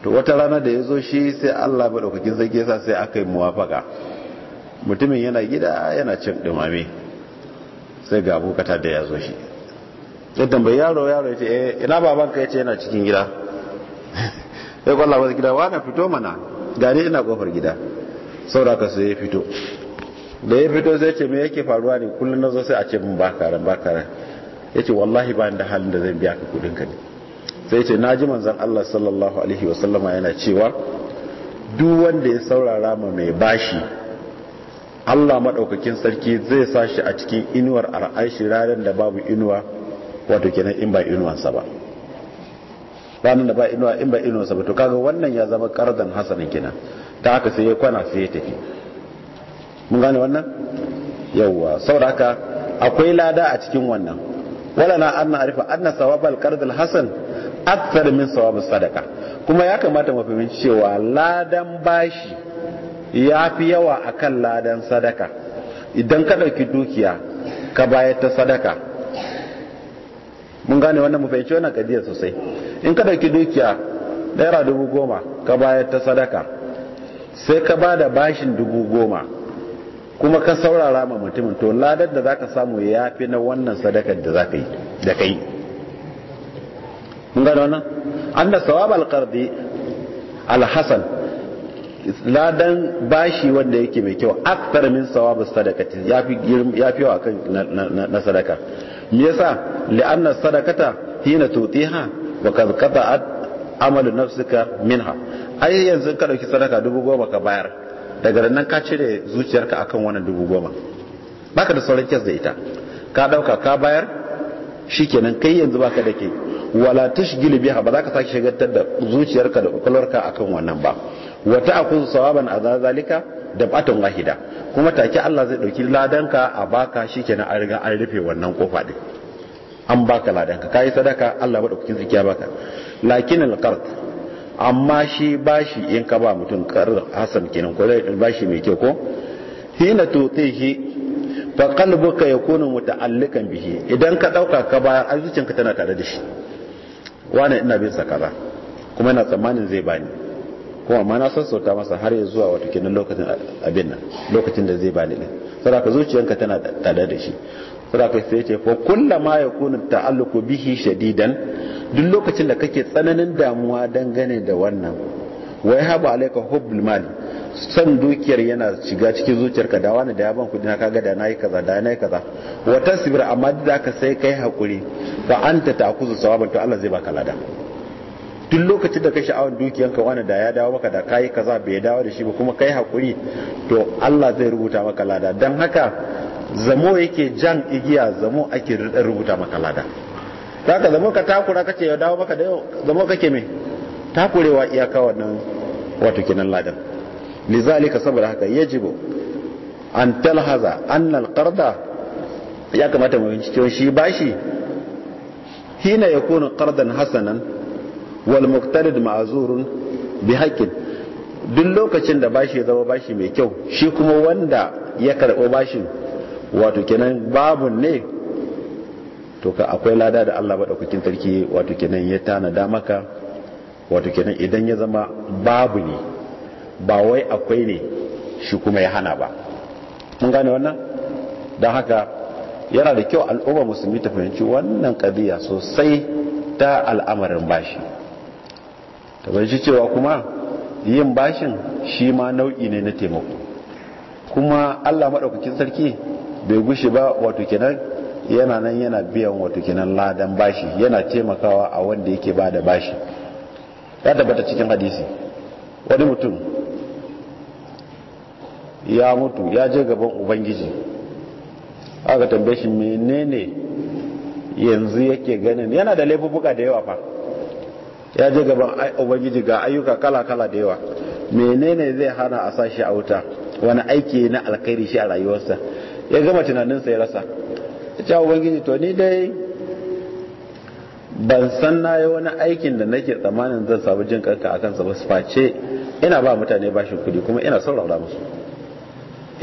to wata rana da ya zo shi sai Allah daukakin zage sa sai aka yi muwafaka mutumin yana gida yana cin dumame sai ga abokata da ya zo shi ya tambayi yaro yaro yace ce eh ina babanka ka yace yana cikin gida sai kwalla wasu gida wani fito mana gani ina kofar gida sauraka su ya fito da ya fito zai ce me yake faruwa ne kullum na sai a ce mun baka ran baka ran ya wallahi ba da halin da zan biya ka kudin ka ne sai yace na ji manzan Allah sallallahu alaihi wasallama yana cewa duk wanda ya saurara ma mai bashi Allah madaukakin sarki zai sashi a cikin inuwar ar'aishi ranar da babu inuwa wato kenan in ba inuwansa ba ranar da ba inuwa in ba inuwansa ba to kaga wannan ya zama kardan hasanin kenan ta haka sai ya kwana sai ya tafi mun gane wannan yawwa sauraka akwai lada a cikin wannan wala na an arifa anna sawabal qardal hasan akthar min sawabis sadaqa kuma ya kamata mu fahimci cewa ladan bashi ya fi yawa akan ladan sadaka idan ka dauki dukiya ka bayar ta sadaka mun gane wannan mu fahimci wannan kadiyar sosai in ka dauki dukiya naira dubu goma ka bayar ta sadaka sai ka ba da bashin dubu goma kuma ka saurara ma mutumin to ladar da zaka samu ya fi na wannan sadakar da zaka yi da kai mun gane wannan da sawab alqardi alhassan ladan bashi wanda yake mai kyau aktar min sawab sadakati ya fi yawa kan na sadaka me yasa li'anna sadaqata hina tutiha wa kad qata'at amalu nafsika minha ai yanzu ka dauki sadaka dubu goma ka bayar daga nan ka cire zuciyarka akan wannan dubu goma baka da sauran kes da ita ka dauka ka bayar shikenan kai yanzu baka da ke wala tashgil biha ba za ka sake shagaltar da zuciyarka da kwakwalwarka akan wannan ba wata akun sawaban adha zalika da batun wahida kuma take Allah zai dauki ladanka a baka shikenan an riga an rufe wannan kofa din an baka ladanka kai sadaka Allah ba dauki zakiya baka lakin alqard amma shi bashi in ka ba mutum qard hasan kenan ko dai bashi mai kyau ko hina tutihi fa qalbuka yakunu muta'allikan bihi idan ka dauka ka bayar ka tana tare da shi wani ina bin sa kaza kuma ina tsammanin zai bani kuma amma na sauta masa har ya zuwa wata kinan lokacin abin nan lokacin da zai bani din saboda zuciyanka tana tada da shi saboda sai ce ko kullama kunu ta'alluqu bihi shadidan duk lokacin da kake tsananin damuwa dangane da wannan wai haba alaika hubbul mal san dukiyar yana shiga cikin zuciyarka da wani da ya ban kudi na kaga da nayi kaza da nayi kaza wata sibira amma da ka sai kai hakuri fa anta ta'kuzu sawaban to Allah zai baka lada Tun lokacin da ka sha'awar dukiyanka wani da ya dawo maka da kayi kaza bai dawo da shi ba kuma kai hakuri to Allah zai rubuta maka lada don haka zamo yake jan igiya zamo ake rubuta maka lada ka zamo ka takura kace ya dawo maka da yau zamo ka ke mai takurewa iyaka wannan wato kinan ladan lizalika saboda haka yajibu an talhaza annal qarda ya kamata mu bincike shi bashi hina yakunu qardan hasanan wal ma'azurun bi haƙƙin duk lokacin da bashi ya zama bashi mai kyau shi kuma wanda ya karɓo bashin wato kenan babun ne to ka akwai lada da Allah maɗaukakin sarki wato kenan ya tanada maka wato kenan idan ya zama babu ne ba wai akwai ne shi kuma ya hana ba mun gane wannan don haka yana da kyau al'umma musulmi ta fahimci wannan kadiya sosai ta al'amarin bashi shi cewa kuma yin bashin shi ma nau'i ne na taimako kuma Allah maɗaukakin sarki bai gushe ba wato kenan yana nan yana biyan wato kenan ladan bashi yana taimakawa a wanda yake ba da bashi ya tabbata cikin hadisi wani mutum ya mutu ya je gaban ubangiji aka tambaye shi menene yanzu yake ganin yana da laifuka da yawa fa ya je gaban ubangiji ga ayyuka kala-kala da yawa menene zai hana a sashi a wuta wani aiki na alkhairi shi a rayuwarsa ya gama tunaninsa ya rasa ya ubangiji to ni dai ban san na yi wani aikin da nake tsammanin zan samu jin kanka akan sa ba su face ina ba mutane bashin kuɗi kuma ina saurara musu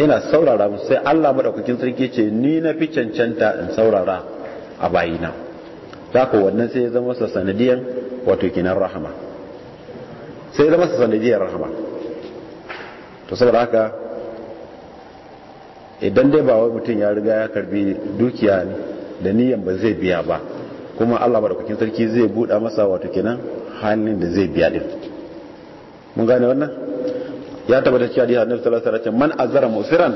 ina saurara musu sai Allah madaukakin sarki ce ni na fi cancanta in saurara a bayina ko wannan sai ya zama sa sanadiyan wato kinan rahama sai zama su sanadiyar rahama to saboda haka idan dai ba wai mutum ya riga ya karbi dukiya da niyan ba zai biya ba kuma Allah madaukakin sarki zai buɗa masa wato kenan halin da zai biya din mun gane wannan ya tabbata cewa hadisi Annabi sallallahu alaihi wasallam man azara musiran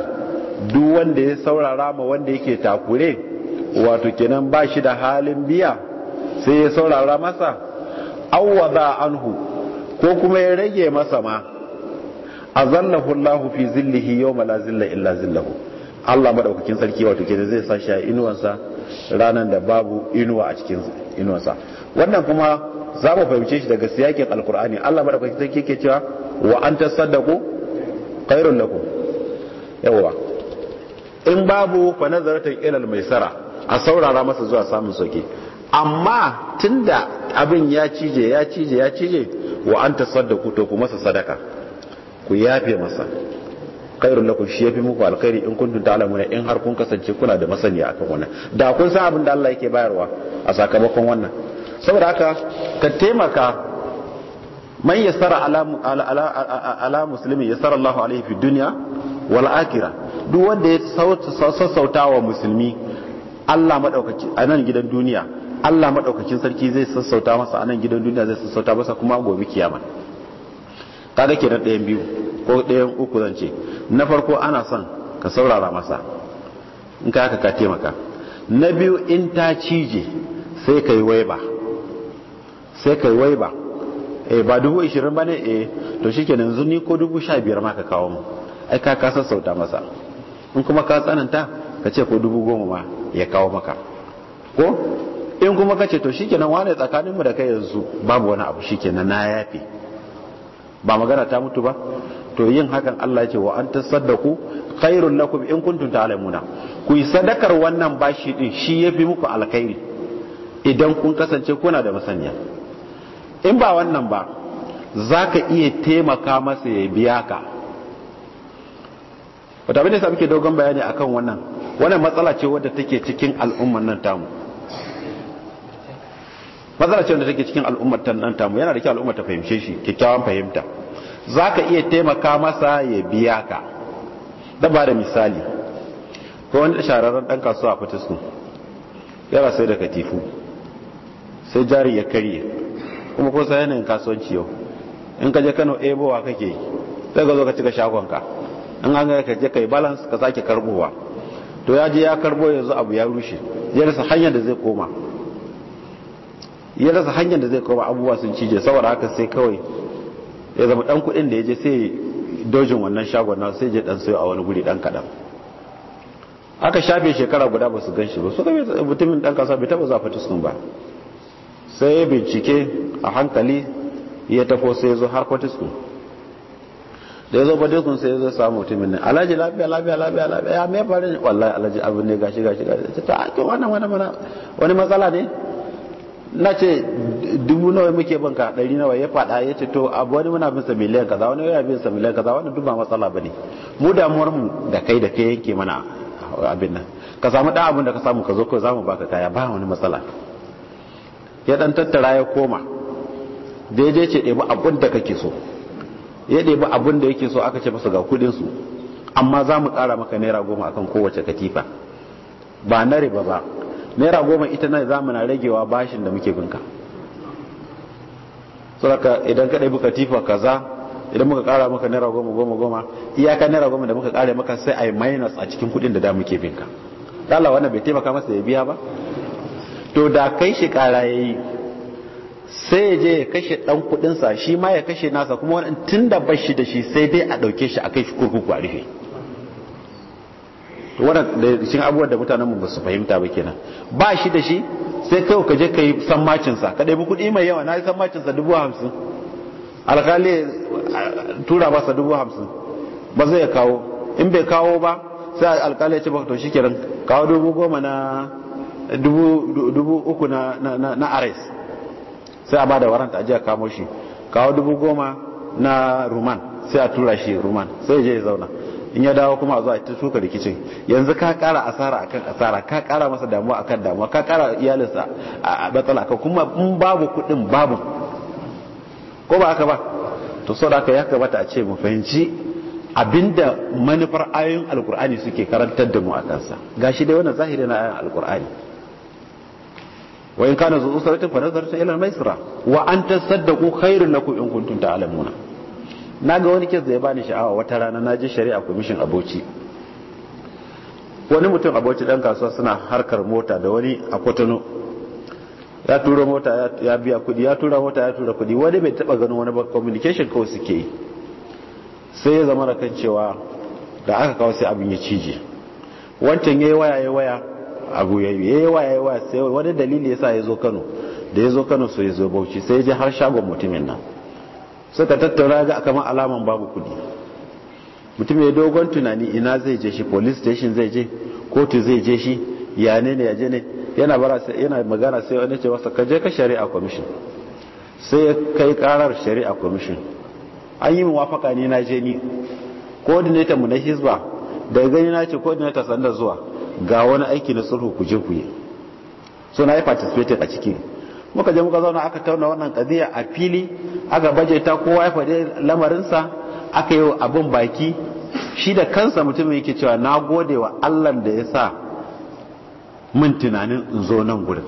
duk wanda ya saurara ma wanda yake takure wato kenan ba shi da halin biya sai ya saurara masa awwada anhu ko kuma ya rage masa ma azallahu Allah fi zillihi yawma la zilla illa zillahu Allah madaukakin sarki wato ke zai sa shi a inuwansa ranan da babu inuwa a cikin inuwansa wannan kuma za mu fahimce shi daga siyakin alkur'ani Allah madaukakin sarki ke cewa wa an tasaddaqu khairun lakum yawa in babu fa nazaratan ilal maisara a saurara masa zuwa samun soke amma tunda abin ya cije ya cije ya cije wa an tasaddaku to ku masa sadaka ku yafe masa khairun lakum shi yafi muku alkhairi in kuntum ta'lamuna in har kun kasance kuna da masaniya akan wannan da kun san abin da Allah yake bayarwa a sakamakon wannan saboda haka ka taimaka man yassara ala ala muslimi yassara Allah alaihi fi dunya wal akhirah duk wanda ya sassauta wa musulmi Allah madaukaki a nan gidan duniya Allah madaukakin sarki zai sassauta masa a nan gidan duniya zai sassauta masa kuma gobe kiyama kaga kenan ɗayan biyu ko ɗayan uku zan ce na farko ana son ka saurara masa in ka haka ka taimaka na biyu in ta cije sai ka yi ba sai ka yi ba eh ba dubu ishirin ba ne eh to shi kenan zuni ko dubu sha biyar ma ka kawo mu ai ka sassauta masa in kuma ka tsananta ka ce ko dubu goma ma ya kawo maka ko in kuma kace to shikenan wane tsakanin mu da kai yanzu babu wani abu shikenan na yafe ba magana ta mutu ba to yin hakan Allah yake wa an tasaddaku khairul lakum in kuntum ta'lamuna ku yi sadakar wannan bashi din shi yafi muku alkhairi idan kun kasance kuna da masaniya in ba wannan ba zaka iya taimaka masa ya biya ka wata abin da sa muke dogon bayani akan wannan wannan matsala ce wadda take cikin al'umman nan tamu matsala ce wanda take cikin al'ummar ta nan tamu yana da kyau al'ummar ta fahimce shi kyakkyawan fahimta za ka iya taimaka masa ya biya ka da ba da misali ko wani shahararren dan kasuwa a fatisku yana sai da katifu sai jari ya karye kuma ko sai yanayin kasuwanci yau in ka je Kano ebowa eh, kake yi sai ka zo ka cika shagonka in an ka je yi balance ka sake karbowa to ya je ya karbo yanzu abu ya rushe ya rasa hanyar da zai koma ya rasa hanyar da zai koma abubuwa sun cije saboda haka sai kawai ya zama dan kudin da ya je sai dojin wannan shagon na sai je dan sayo a wani guri dan kadan aka shafe shekara guda ba su ganshi ba su ga mutumin dan kasa bai taba zafa tusun ba sai ya bincike a hankali ya tafo sai ya zo har fatisun da ya zo fatisun sai ya zo samu mutumin nan alhaji lafiya lafiya lafiya lafiya ya me faru ne wallahi alhaji abin ne gashi gashi gashi ta ake ah, wannan wani matsala ne na ce dubu nawa muke bin ka ɗari nawa ya faɗa ya ce to abu wani muna bin sa miliyan kaza wani ya bin sa miliyan kaza wani duba matsala ba ne mu damuwar mu da kai da kai yanke mana abin nan ka samu ɗan abin da ka samu ka zo kawai za mu baka kaya ba wani matsala ya ɗan tattara ya koma da ya je ce ɗebi abin da kake so ya ɗebi abin da yake so aka ce masa ga kuɗin su amma za mu ƙara maka naira goma akan kowace katifa ba na riba ba naira goma ita na zamana ragewa bashin da muke binka saboda idan ka ɗai buka tifa kaza idan muka ƙara maka naira goma goma goma iyaka naira goma da muka ƙara maka sai a yi minus a cikin kuɗin da da muke binka ɗala wannan bai taimaka masa ya biya ba to da kai shi ƙara ya yi sai ya je ya kashe ɗan kuɗinsa shi ma ya kashe nasa kuma wani tun da bashi da shi sai dai a ɗauke shi a kai shi kurkuku a rufe to da cikin abubuwan da mutanen mu ba su fahimta ba kenan ba shi da shi sai kai ka je ka yi sammacin sa ka ɗebi kuɗi mai yawa na yi sammacin sa dubu hamsin alkali tura ba sa dubu hamsin ba zai kawo in bai kawo ba sai alkali ya ce ba to shi kiran kawo dubu goma na dubu uku na ares sai a ba da waranta a je a kamo shi kawo dubu goma na ruman sai a tura shi ruman sai je ya zauna in ya dawo kuma a zuwa a ta shuka rikicin yanzu ka kara asara akan asara ka kara masa damuwa akan damuwa ka kara iyalinsa a matsala ka kuma in babu kudin babu ko ba aka ba to so haka ya kamata a ce mu fahimci abinda manufar ayoyin alkur'ani suke karantar da mu a kansa gashi dai wannan zahiri na ayoyin alkur'ani wa in kana zuwa usratin fa nazarta ila al-maisra wa an saddaqu khairun lakum in kuntum ta'lamuna na ga wani kes da ya bani sha'awa wata rana na ji shari'a kwamishin aboci wani mutum aboci ɗan kasuwa suna harkar mota da wani a kwatano ya tura mota ya biya kudi ya tura mota ya tura kudi wani bai taba ganin wani ba communication kawai suke yi sai ya zama kan cewa da aka kawo sai abin ya cije wancan ya yi waya ya waya abu yi ya waya ya waya sai wani dalili sa ya zo Kano da ya zo Kano so ya zo Bauchi sai ya je har shagon mutumin nan suka tattauna ga kamar alaman babu kudi mutum ya dogon tunani ina zai je shi police station zai je kotu zai je shi ya ne ya je ne yana magana sai wani ce wasa ka je ka shari'a commission sai ya kai karar shari'a commission an yi muwafaka ne na je ni coordinator mu na hisba da gani na ce coordinator sanda zuwa ga wani aiki na sulhu ku je ku so na yi participated a cikin muka je muka zauna aka tauna wannan kadiya a fili aka baje ta kowa ya faɗi lamarinsa aka yi abin baki shi da kansa mutumin yake cewa na gode wa Allah da ya sa min tunanin in zo nan gurin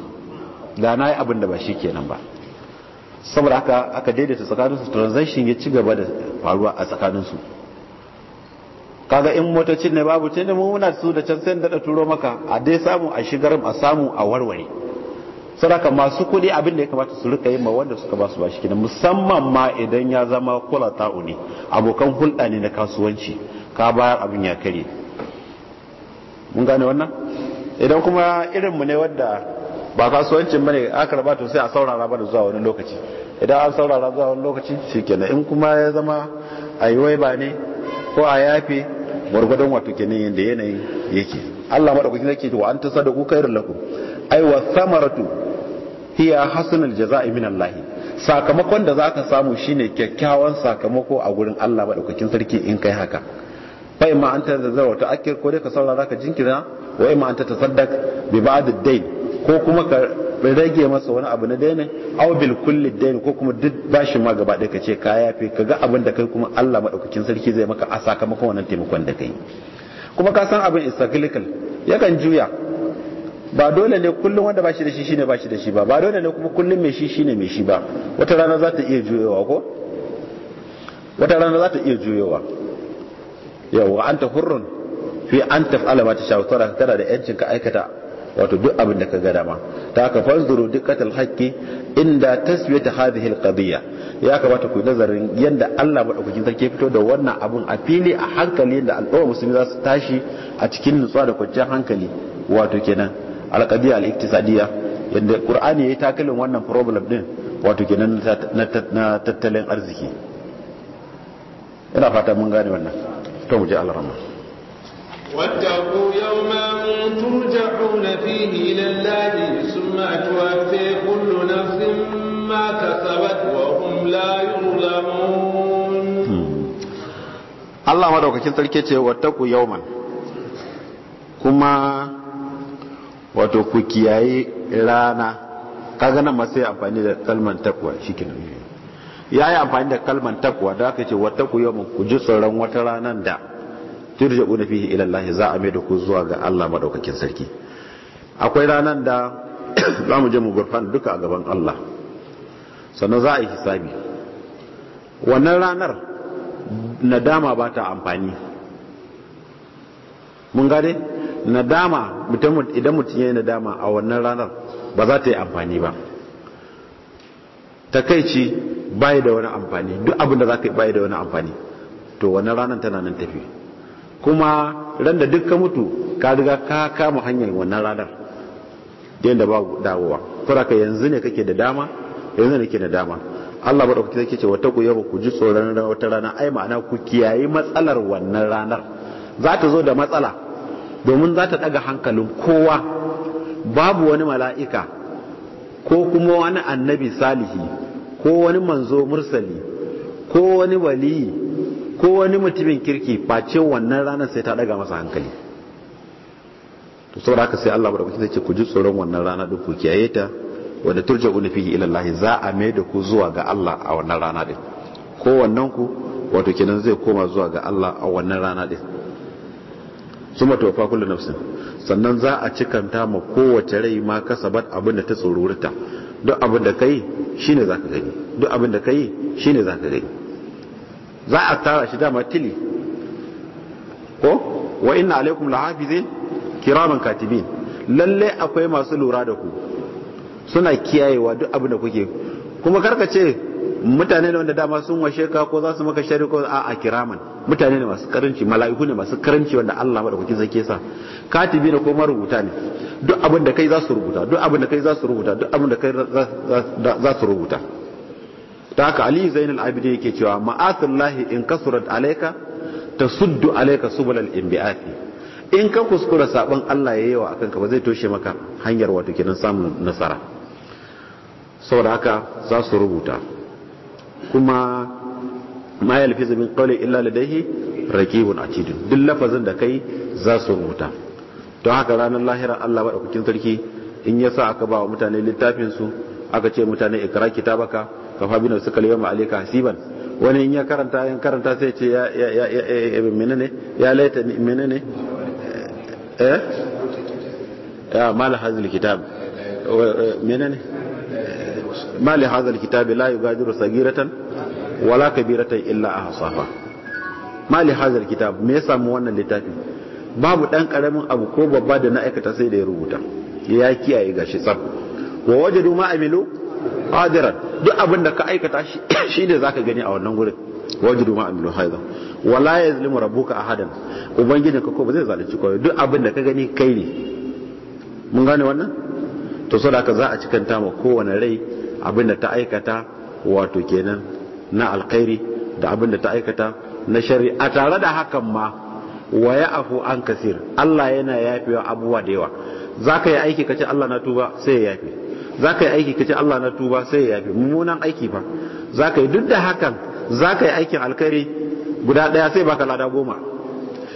da na yi abin da ba shi kenan ba saboda aka aka daidaita tsakaninsu transaction ya ci gaba da faruwa a tsakaninsu kaga in motocin ne babu tunda mu muna su da can sai da turo maka a dai samu a shigar a samu a warware sadaka masu kuɗi abin da ya kamata su rika yi ma wanda suka ba su bashi kenan musamman ma idan ya zama kula ta'u ne abokan hulɗa ne na kasuwanci ka bayar abin ya kare mun gane wannan idan kuma irin mu ne wadda ba kasuwancin bane aka raba to sai a saurara ba da zuwa wani lokaci idan an saurara zuwa wani lokaci shikenan in kuma ya zama a yi waiba ne ko a yafe gwargwadon wato kenan yadda yanayin yake Allah madaukakin yake to an sadaku khairul lakum ai wa samaratu hiya hasanul jaza'i min Allah sakamakon da zaka samu shine kyakkyawan sakamako a gurin Allah madaukakin sarki in kai haka fa imma anta tazawwa ta akir ko dai ka saura zaka jinkira wa imma anta tasaddaq bi ba'd dain ko kuma ka rage masa wani abu na daina aw bil kulli dain ko kuma duk bashi ma gaba ɗaya ka ce ka yafe ka ga abin da kai kuma Allah madaukakin sarki zai maka a sakamakon wannan taimakon da kai kuma ka san abin is yakan juya ba dole ne kullum wanda bashi da shi shine bashi da shi ba ba dole ne kuma kullum mai shi shine mai shi ba wata rana za ta iya juyowa ko wata rana za ta iya juyowa an anta hurrun fi an taf'ala ma tasha tara da yancin ka aikata wato duk abin da ka ga dama ta ka fanzuru dukkatul haqqi inda tasbiyata hadhihi alqadiyya ya kamata ku nazarin yanda Allah madaukakin sarki fito da wannan abun a fili a hankali da al'umma musulmi za su tashi a cikin nutsuwa da kwanciyar hankali wato kenan alƙadiyya al-iqtisadiyya yadda qur'ani yayi takalin wannan problem din wato kenan na tattalin arziki ina fata mun gane wannan to mu ji Allah واتقوا يوما ترجعون فيه إلى الله ثم توفي كل نفس ما كسبت وهم لا يظلمون الله مدوكاكين سركي ce wattaku yawman kuma wato ku kiyaye rana kaga nan ma sai amfani da kalman takwa shikenan ya yi amfani da kalman takwa da aka ce wata ku yau ku ji tsoron wata ranar da turja'una fihi ila Allah za a mai da ku zuwa ga Allah madaukakin sarki akwai ranar da za mu je mu gurfan duka a gaban Allah sannan za a yi hisabi wannan ranar nadama ba ta amfani mun gane nadama idan mutum ya yi nadama a wannan ranar ba za ta yi amfani ba takaici bayi da wani amfani duk abin da za ka yi bayi da wani amfani to wannan ranar tana nan tafi kuma ran da duk ka mutu ka riga ka kama hanyar wannan ranar yadda ba dawowa saboda yanzu ne kake da dama yanzu ne kake da dama Allah ba ɗaukaki zai ce wata ku yau ku ji tsoron wata rana ai ma'ana ku kiyayi matsalar wannan ranar za ta zo da matsala domin za ta ɗaga hankalin kowa babu wani mala'ika ko kuma wani annabi salihi ko wani manzo mursali ko wani waliyi ko wani mutumin kirki face wannan ranar sai ta daga masa hankali to saboda haka sai Allah barkatu zai ce ku ji tsoron wannan rana din ku kiyaye ta wanda ku nufi ila Allah za a mai da ku zuwa ga Allah a wannan rana din ko wannan ku wato kenan zai koma zuwa ga Allah a wannan rana din suma tofa kula nafsin sannan za a cikanta ma kowace rai ma kasa bat abin da ta tsorurta duk abin da ne shine ka gani duk abin da ne za ka gani za a tara shi dama tili ko wa inna alaikum zai kiraman katibin lalle akwai masu lura da ku suna kiyayewa duk abin da kuke kuma karkace. ce mutane ne wanda dama sun washe ka ko za su maka shari ko a a kiraman mutane ne masu karanci mala'iku ne masu karanci wanda Allah madaukakin sarki sa katibi ne ko marubuta ne duk abin da kai za su rubuta duk abin da kai za su rubuta duk abin da kai za su rubuta ta haka Ali Zainul Abidi yake cewa ma'asallahi in kasurat alayka tasuddu alayka subulal inbiati in ka kuskura sabon Allah ya yawa akan ka ba zai toshe maka hanyar wato kenan samun nasara saboda haka za su rubuta kuma ma ya lafi min kawai illa da ladayhi a cikin duk lafazin da kai za su rubuta don haka ranar lahira Allah madaukakin sarki in ya sa aka ba wa mutane littafin su aka ce mutane ikra kitabaka ka fa bina suka liyama alayka hasiban wani in ya karanta in karanta sai ce ya ya ya ya menene ya laita menene eh ya mal hazil kitab menene ma li hadha alkitabi la yugadiru sagiratan wala kabiratan illa ahsaha ma li hadha me yasa mu wannan littafi babu dan karamin abu ko babba da na aikata sai da ya rubuta ya kiyaye gashi tsaf wa wajadu ma amilu qadiran duk abin ka aikata shi shine zaka gani a wannan gurin wajadu ma amilu haida wala yazlimu rabbuka ahadan ubangijinka ko ba zai zalunci kowa duk abin ka gani kai ne mun gane wannan to saboda haka za a cikanta ma kowane rai abin da ta aikata wato kenan na alkhairi da abin da ta aikata na shari a tare da hakan ma wa ya afu an kasir Allah yana yafewa abubuwa da yawa za ka yi aiki kace Allah na tuba sai ya yafe za ka yi aiki kace Allah na tuba sai ya yafe mummunan aiki ba. za ka yi duk da hakan za ka yi aikin alkhairi guda ɗaya sai baka lada goma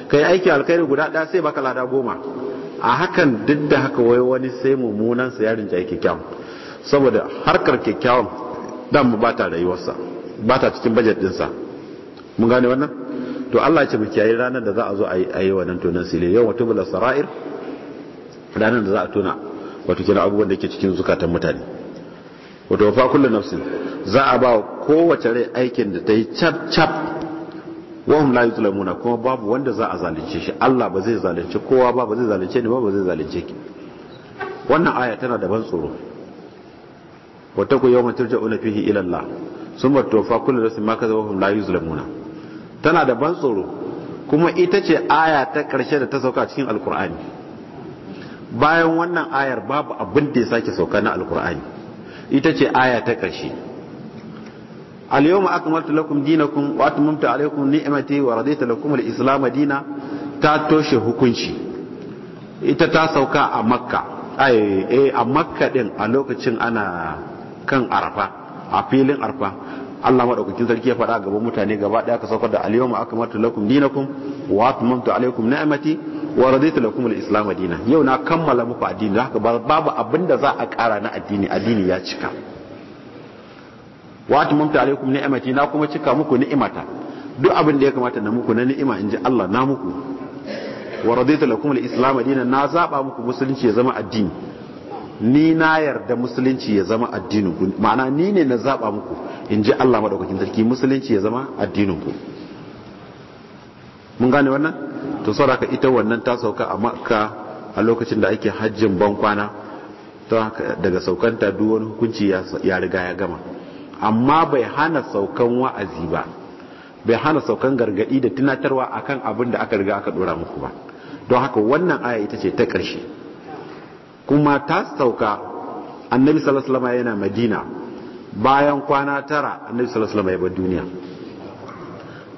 ka yi aikin alkhairi guda ɗaya sai baka lada goma a hakan duk da haka wai wani sai mummunan sa ya rinja kyakkyawan saboda harkar kyakkyawan dan ba ta rayuwarsa ba ta cikin budget dinsa mun gane wannan to Allah ya ce mu kiyaye ranar da za a zo a yi wannan tona sile yau wato bil sara'ir ranar da za a tona wato kina abubuwan da ke cikin zukatan mutane wato fa kullu nafsin za a ba kowace rai aikin da ta yi chap cap wahum la yuzlamuna kuma babu wanda za a zalunce shi Allah ba zai zalunce kowa ba ba zai zalunce ni ba ba zai zalunce ki wannan aya tana da ban tsoro wa taku yawman turja'una fihi ila Allah summa tuwaffa kullu nafsin ma kasabat hum la yuzlamuna tana da ban tsoro kuma ita ce aya ta karshe da ta sauka cikin alkur'ani bayan wannan ayar babu abin da ya sake sauka na alkur'ani ita ce aya ta karshe اليوم أكملت لكم دينكم وأتممت عليكم نعمتي ورضيت لكم الإسلام ta toshe hukunci ita ta sauka a makka ai eh a makka din a lokacin ana kan arfa a filin arfa Allah madaukakin sarki ya faɗa gaban mutane gaba ɗaya ka saukar da alyawma yawma akmaltu lakum dinakum wa atmamtu alaykum ni'mati wa raditu lakum al-islam dinan yau na kammala muku addini haka babu abinda za a ƙara na addini addini ya cika wa atmamtu alaykum ni'mati na kuma cika muku ni'imata duk abin da ya kamata na muku na ni'ima in ji Allah na muku wa raditu lakum al-islam dinan na zaba muku musulunci ya zama addini ni na yarda musulunci ya zama addinin ku ma'ana ni ne na zaba muku in ji Allah madaukakin sarki musulunci ya zama addinin ku mun gane wannan to saboda ita wannan ta sauka a makka a lokacin da ake hajjin ban kwana daga saukanta duk wani hukunci ya riga ya gama amma bai hana saukan wa'azi ba bai hana saukan gargadi da tunatarwa akan abin da aka riga aka dora muku ba don haka wannan aya ita ce ta ƙarshe kuma ta sauka annabi sallallahu alaihi wasallam yana madina bayan kwana tara annabi sallallahu alaihi wasallam ya bar duniya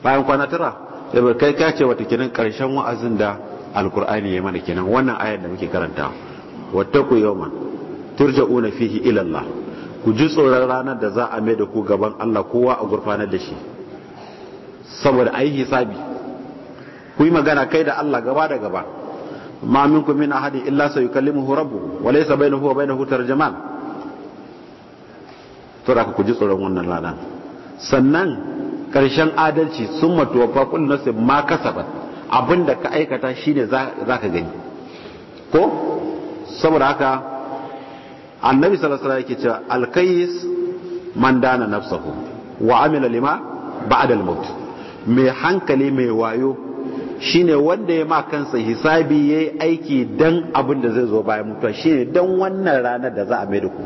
bayan kwana tara ya bar kai kace wata kinan karshen wa'azin da alqur'ani ya mana kinan wannan ayar da muke karanta wattaqu yawman turja'una fihi ila Allah ku ji tsoron ranar da za a mai da ku gaban Allah kowa a gurfanar da shi saboda yi hisabi ku yi magana kai da Allah gaba da gaba ma minkum min ahadin illa sayukallimuhu rabbuhu wa laysa bainahu wa bainahu tarjuman to da ku tsoron wannan ladan sannan ƙarshen adalci sun matuwa faƙun nasu ma kasabat abinda ka aikata shine za ka gani ko saboda haka annabi sallallahu alaihi wasallam yake cewa alkayis man dana nafsahu wa amila lima ba'da al mai hankali mai wayo shine wanda ya ma kansa hisabi ya aiki dan abin da zai zo bayan mutuwa shine dan wannan ranar da za a mai da ku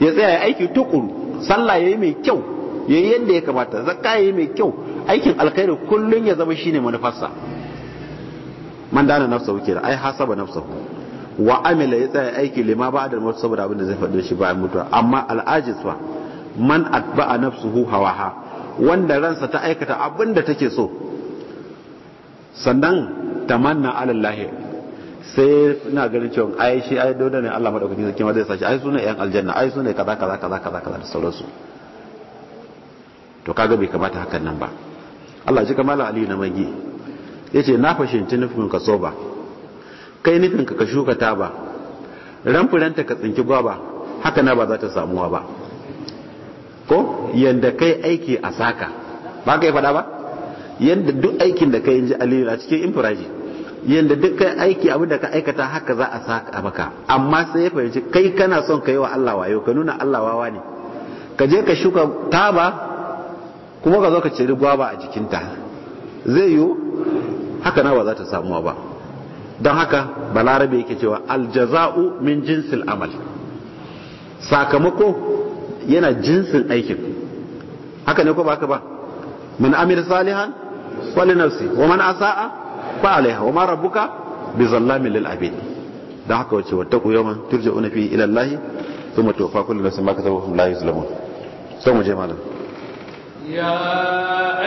ya tsaya ya aiki tukuru sallah yi mai kyau ya yi yadda ya kamata zakka yi mai kyau aikin alkhairi kullum ya zama shine manufarsa man dana nafsa wuke ai hasaba nafsa wa amila ya tsaya aiki lima ba da mutu saboda abin da zai faɗi shi bayan mutuwa amma al'ajis fa man atba'a nafsuhu hawaha wanda ransa ta aikata abin da take so sannan tamanna alallahi sai ina ganin cewa ai shi ai dole ne Allah madaukakin sarki ma zai sashi ai sunan yan aljanna ai sunan kaza kaza kaza kaza kaza da sauransu to kaga bai kamata hakan nan ba Allah ji kamala Ali na magi yace na fashinci nufin ka soba kai nufin ka ka shuka taba ranfuranta ka tsinki gwaba haka na ba za ta samuwa ba ko yanda kai aiki a saka ba ka yi fada ba yanda duk aikin da ka yi aliyu a cikin infiraji yanda duk kai aiki abin da ka aikata haka za a saka maka amma sai ya fahimci kai kana son ka yi wa Allah wayo ka nuna Allah wawa ne ka je ka shuka taba kuma ka zo ka ciri gwaba a jikinta zai yiwu haka na ba za ta samuwa ba don haka balarabe yake cewa aljaza'u min jinsil amal sakamako yana jinsin aikin haka ne ko ba ka ba min amir salihan ولنفسه ومن أساء فعليها وما ربك بظلام للعبيد دعك واتقوا يوما ترجعون فيه إلى الله ثم توفى كل نفس ما كتبهم لا يظلمون ثم جمالا يا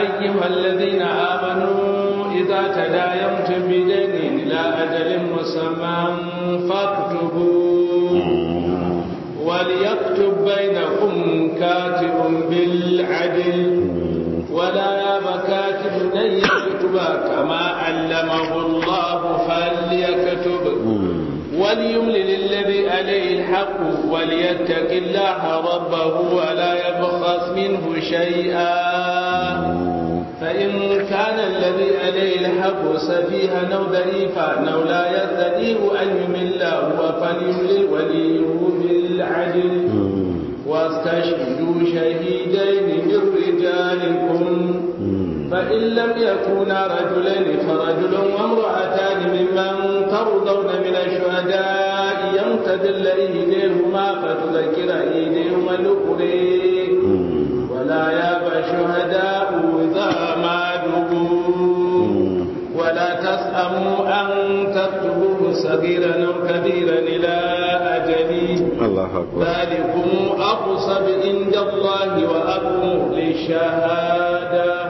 أيها الذين آمنوا إذا تداينتم بدين إلى أجل مسمى فاكتبوا وليكتب بينكم كاتب بالعدل ولا يكتب كما علمه الله فليكتب وليملل الذي عليه الحق وليتق الله ربه ولا يبخس منه شيئا فإن كان الذي عليه الحق سفيها أو ضعيفا أو لا يستطيع أن يمل هو فليملل وليه بالعدل واستشهدوا شهيدين من رجالكم فإن لم يكونا رجلين فرجل وامرأتان ممن ترضون من الشهداء يمتدل إيديهما فتذكر إيديهما الأخرى ولا يابى الشهداء إذا ما دعوا ولا تسأموا أن تكتبوه صغيرا أو كبيرا إلى أجله الله أكبر ذلكم أقصد عند الله وأقوم للشهادة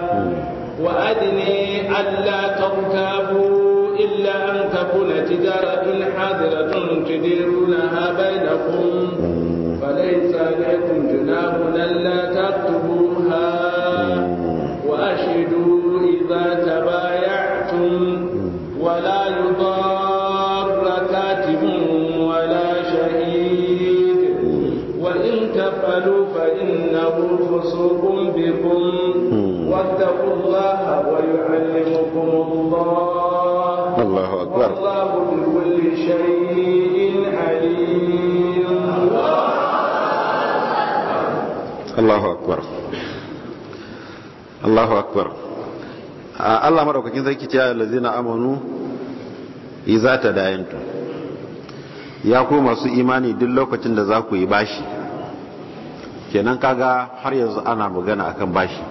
وأدني ألا تركبوا إلا أن تكون تجارة حاضرة تديرونها بينكم فليس عليكم جناح ألا تكتبوها وأشهدوا إذا تبايعتم ولا يضار كاتب ولا شهيد وإن تفعلوا فإنه فسوق بكم واتقوا أكبر الله أكبر الله أكبر الله أكبر الله أكبر Allah maɗaukakin sarki ce lazina amanu iza ya ku masu imani duk lokacin da za ku yi bashi kenan kaga har yanzu ana magana akan bashi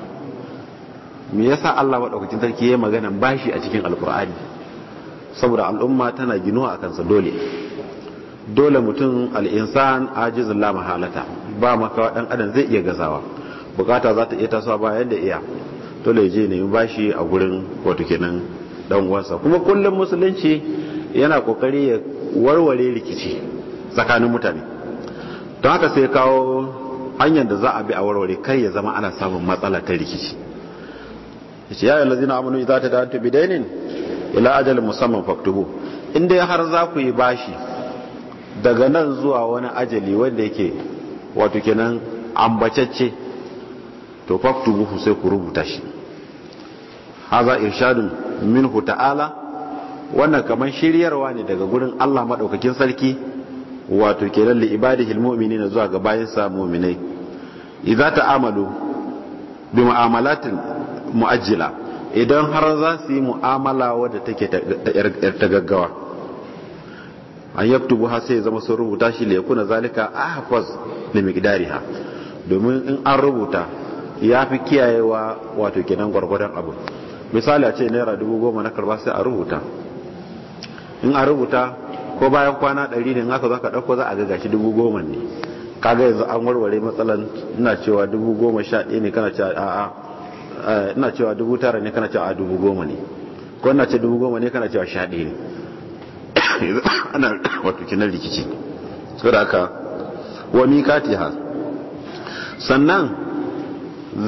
me yasa Allah maɗaukakin sarki ya magana bashi a cikin alkur'ani saboda al'umma tana ginuwa a kansa dole dole mutum al'insan ajizin la halata, ba makawa dan adam zai iya gazawa bukata za ta iya tasowa bayan da iya dole je ne bashi a gurin wato kenan dan uwansa kuma kullum musulunci yana kokari ya warware rikici tsakanin mutane don haka sai kawo hanyar da za a bi a warware kai ya zama ana samun matsala ta rikici yace ya ayyuhallazina amanu idza tadayantum ila ajalin musamman faktuhu in dai har za ku yi bashi daga nan zuwa wani ajali wanda yake wato kenan ambacacce to faktuhu sai ku rubuta shi haza irshadun minhu ta'ala wannan kamar shiryarwa ne daga gurin Allah madaukakin sarki wato kenan li ibadihil mu'minina zuwa ga sa mu'minai idza ta'amalu bi mu'amalatin mu'ajjila idan har za su yi mu'amala wadda take ta gaggawa an yabtu ha sai zama sun rubuta shi da kuna zalika da li ha domin in an rubuta ya fi kiyayewa wato kenan gwargwadon abu misali a ce naira dubu goma na karba sai a rubuta in a rubuta ko bayan kwana ɗari ne haka za ka ɗauko za a ga gashi dubu goma ne kaga yanzu an warware matsalan ina cewa dubu goma sha ɗaya ne kana cewa a'a Eh, ina cewa dubu tara ne kana cewa a dubu goma ne ko ina ce dubu goma ne kana cewa sha ɗaya ne ana wato kinan rikici da aka wa mikatiha sannan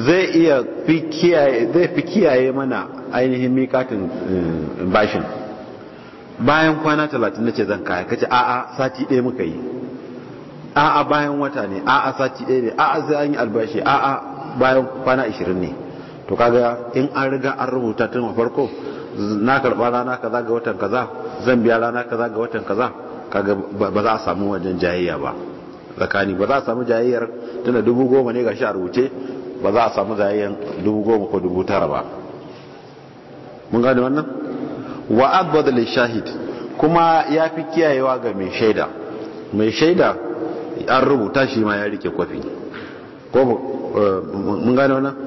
zai iya fi kiyaye zai fi kiyaye mana ainihin mikatin eh, bashin bayan kwana talatin na ce zan kaya kace a'a sati ɗaya muka yi a'a bayan wata ne a'a sati ɗaya ne a'a sai an yi albashi a'a bayan kwana ashirin ne to kaga in an riga an rubuta tun a farko na karba rana kaza ga watan kaza zan biya rana kaza ga watan kaza kaga ba za a samu wajen jayayya ba zakani ba za a samu jayayyar tana dubu goma ne gashi a rubuce ba za a samu jayayyar dubu goma ko dubu tara ba mun gane wannan wa abad li shahid kuma ya fi kiyayewa ga mai shaida mai shaida an rubuta shi ma ya rike kwafi ko eh, mun gane wannan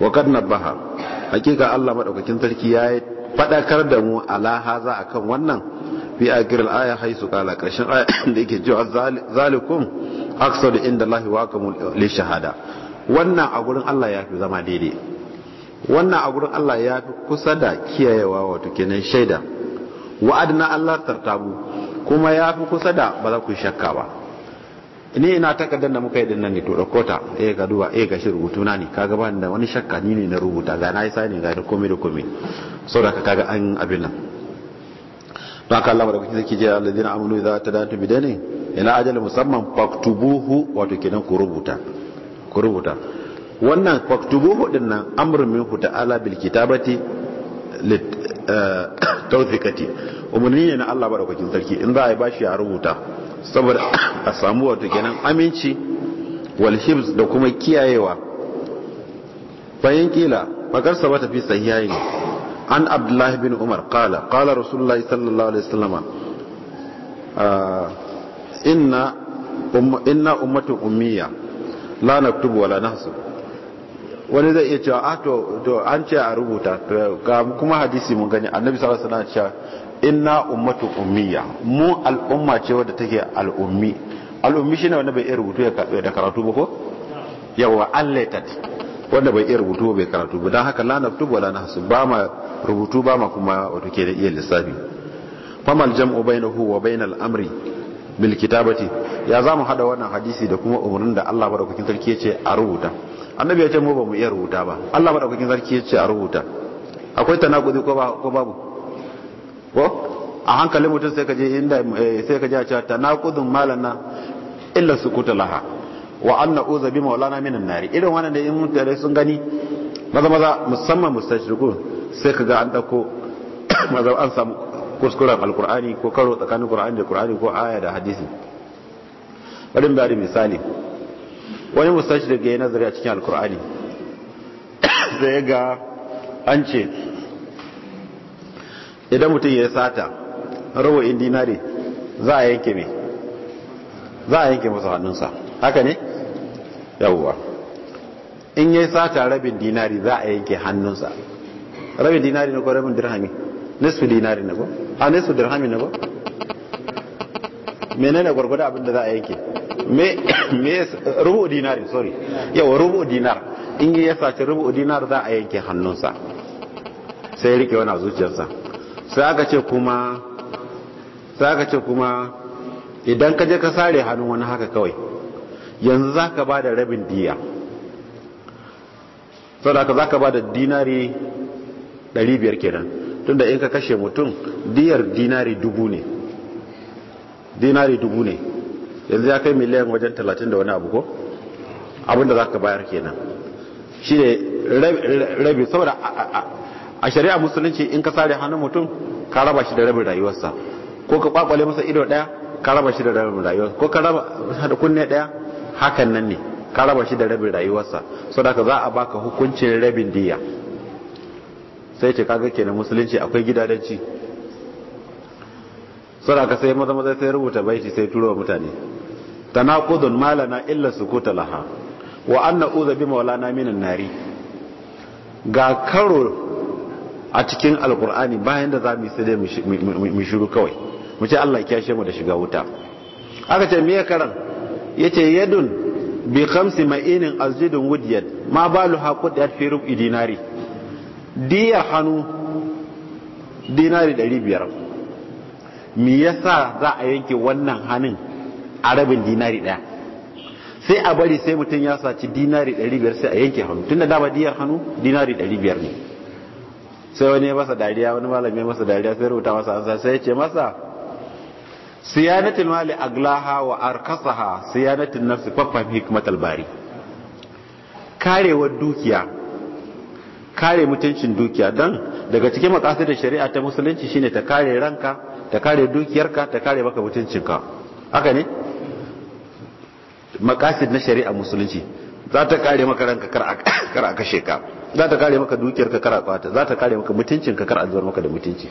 wa kad nabaha hakika Allah madaukakin sarki ya fadakar da mu ala haza akan wannan fi akhir al-aya haisu qala karshen aya da yake jiwa zalikum aqsad inda Allah wa kamul li shahada wannan a gurin Allah ya fi zama daidai wannan a gurin Allah ya fi kusa da kiyayewa wato kenan shaida adna Allah tartabu kuma ya fi kusa da ba za ku shakka ba ni ina takardar da muka yi dinnan ne to da kota eh ga duba eh gashi rubutu na ne kaga ba da wani shakka ni ne na rubuta ga na yi sani ga da komai da komai saboda ka kaga an abin nan don aka Allah madaukaki zai je alladina amanu idza tadatu bidani ila ajal musamman faktubuhu wato kenan ku rubuta ku rubuta wannan faktubuhu din nan amrun hu ta'ala bil kitabati lit eh, tawfikati umurni ne na Allah madaukakin sarki in za a yi bashi a rubuta saboda a samu wato kenan aminci wal da kuma kiyayewa bayan kila bakar sa bata fi ne an abdullahi bin umar kala kala rasulullahi sallallahu alaihi wasallama ah, inna inna ummatu ummiya la naktubu wala nahsub wani zai iya cewa a ah, to an ce a rubuta kuma hadisi mun gani annabi sallallahu alaihi wasallam inna ummatu ummiya mu al'umma ce wadda take al'ummi al'ummi shine wanda bai iya rubutu da karatu ba ko yawa unlettered wanda bai iya rubutu bai karatu ba Dan haka la naktubu wala nahsub ba ma rubutu ba ma kuma wato ke da iya lissafi famal jam'u bainahu wa bainal amri bil kitabati ya zamu hada wannan hadisi da kuma umurin da Allah madaukakin sarki ya ce a rubuta annabi ya ce mu ba mu iya rubuta ba Allah madaukakin sarki ya ce a rubuta akwai tanakudi ko babu ko a hankalin mutum sai ka je inda eh, sai ka je a cewa tanaqudun malana illa kuta laha wa anna uza bi maulana minan nari irin wannan da in mutane sun gani maza maza musamman mustashriku sai kaga an dako maza an samu kuskuren alkur'ani ko karo tsakanin qur'ani da qur'ani ko aya da hadisi bari mu bari misali wani mustashrik ya nazari a cikin alkur'ani sai ga an ce idan mutum ya sata rawa'in dinari za a yanke mai za a yanke masa hannunsa haka ne yawuwa in ya sata rabin dinari za a yanke hannunsa rabin dinari na ko rabin dirhami nisfi dinari na ko a nisfi dirhami na ko ne gwargwada abin da za a yanke me me rubu dinari sorry yawa rubu dinar in ya sace rubu dinar za a yanke hannunsa sai ya rike wani a zuciyarsa sai aka ce kuma sai aka ce kuma idan ka je ka sare hannun wani haka kawai yanzu za ka ba da rabin diya sau da za ka ba da dinari 500 kenan tun da in ka kashe mutum diyar dinari dubu ne dinari dubu ne yanzu ya kai miliyan wajen 30 da wani abu ko abinda za ka bayar kenan shi ne rabi saboda a shari'a musulunci in ka sare hannun mutum ka raba shi da rabin rayuwarsa ko ka kwakwale masa ido daya ka raba shi da rabin rayuwarsa ko ka raba da kunne daya hakan nan ne ka raba shi da rabin rayuwarsa ka za a baka hukuncin rabin diya sai ce kaga kenan musulunci akwai gidadanci ka sai maza maza sai rubuta baiti sai turo mutane tanaqudun malana illa sukuta laha wa anna uza bi maulana minan nari ga karo a cikin alkur'ani bayan da za mu sai shiru kawai mu ce Allah shi mu da shiga wuta aka ce me karan yace yadun bi khamsi ma'inin azjidun wudiyat ma balu haqud ya fi rubi dinari diya hannu dinari 500 me yasa za a yanke wannan hannun arabin dinari daya sai a bari sai mutum ya saci dinari 500 sai a yanke hannu tunda dama diyar hannu dinari 500 ne sai wani ya masa dariya wani malami ya masa dariya sai rubuta masa ansa sai ya ce masa siyanatul mali aglaha wa arkasaha siyanatul nafsi faffam hikmatal bari karewar dukiya kare mutuncin dukiya don daga cikin makasar da shari'a ta musulunci shine ta kare ranka ta kare dukiyarka ta kare maka mutuncinka haka ne makasar na shari'a musulunci za ta kare maka ranka kar a kashe ka za ta kare maka dukiyar ka kara kwata za ta kare maka mutuncin ka kar a zuwa maka da mutunci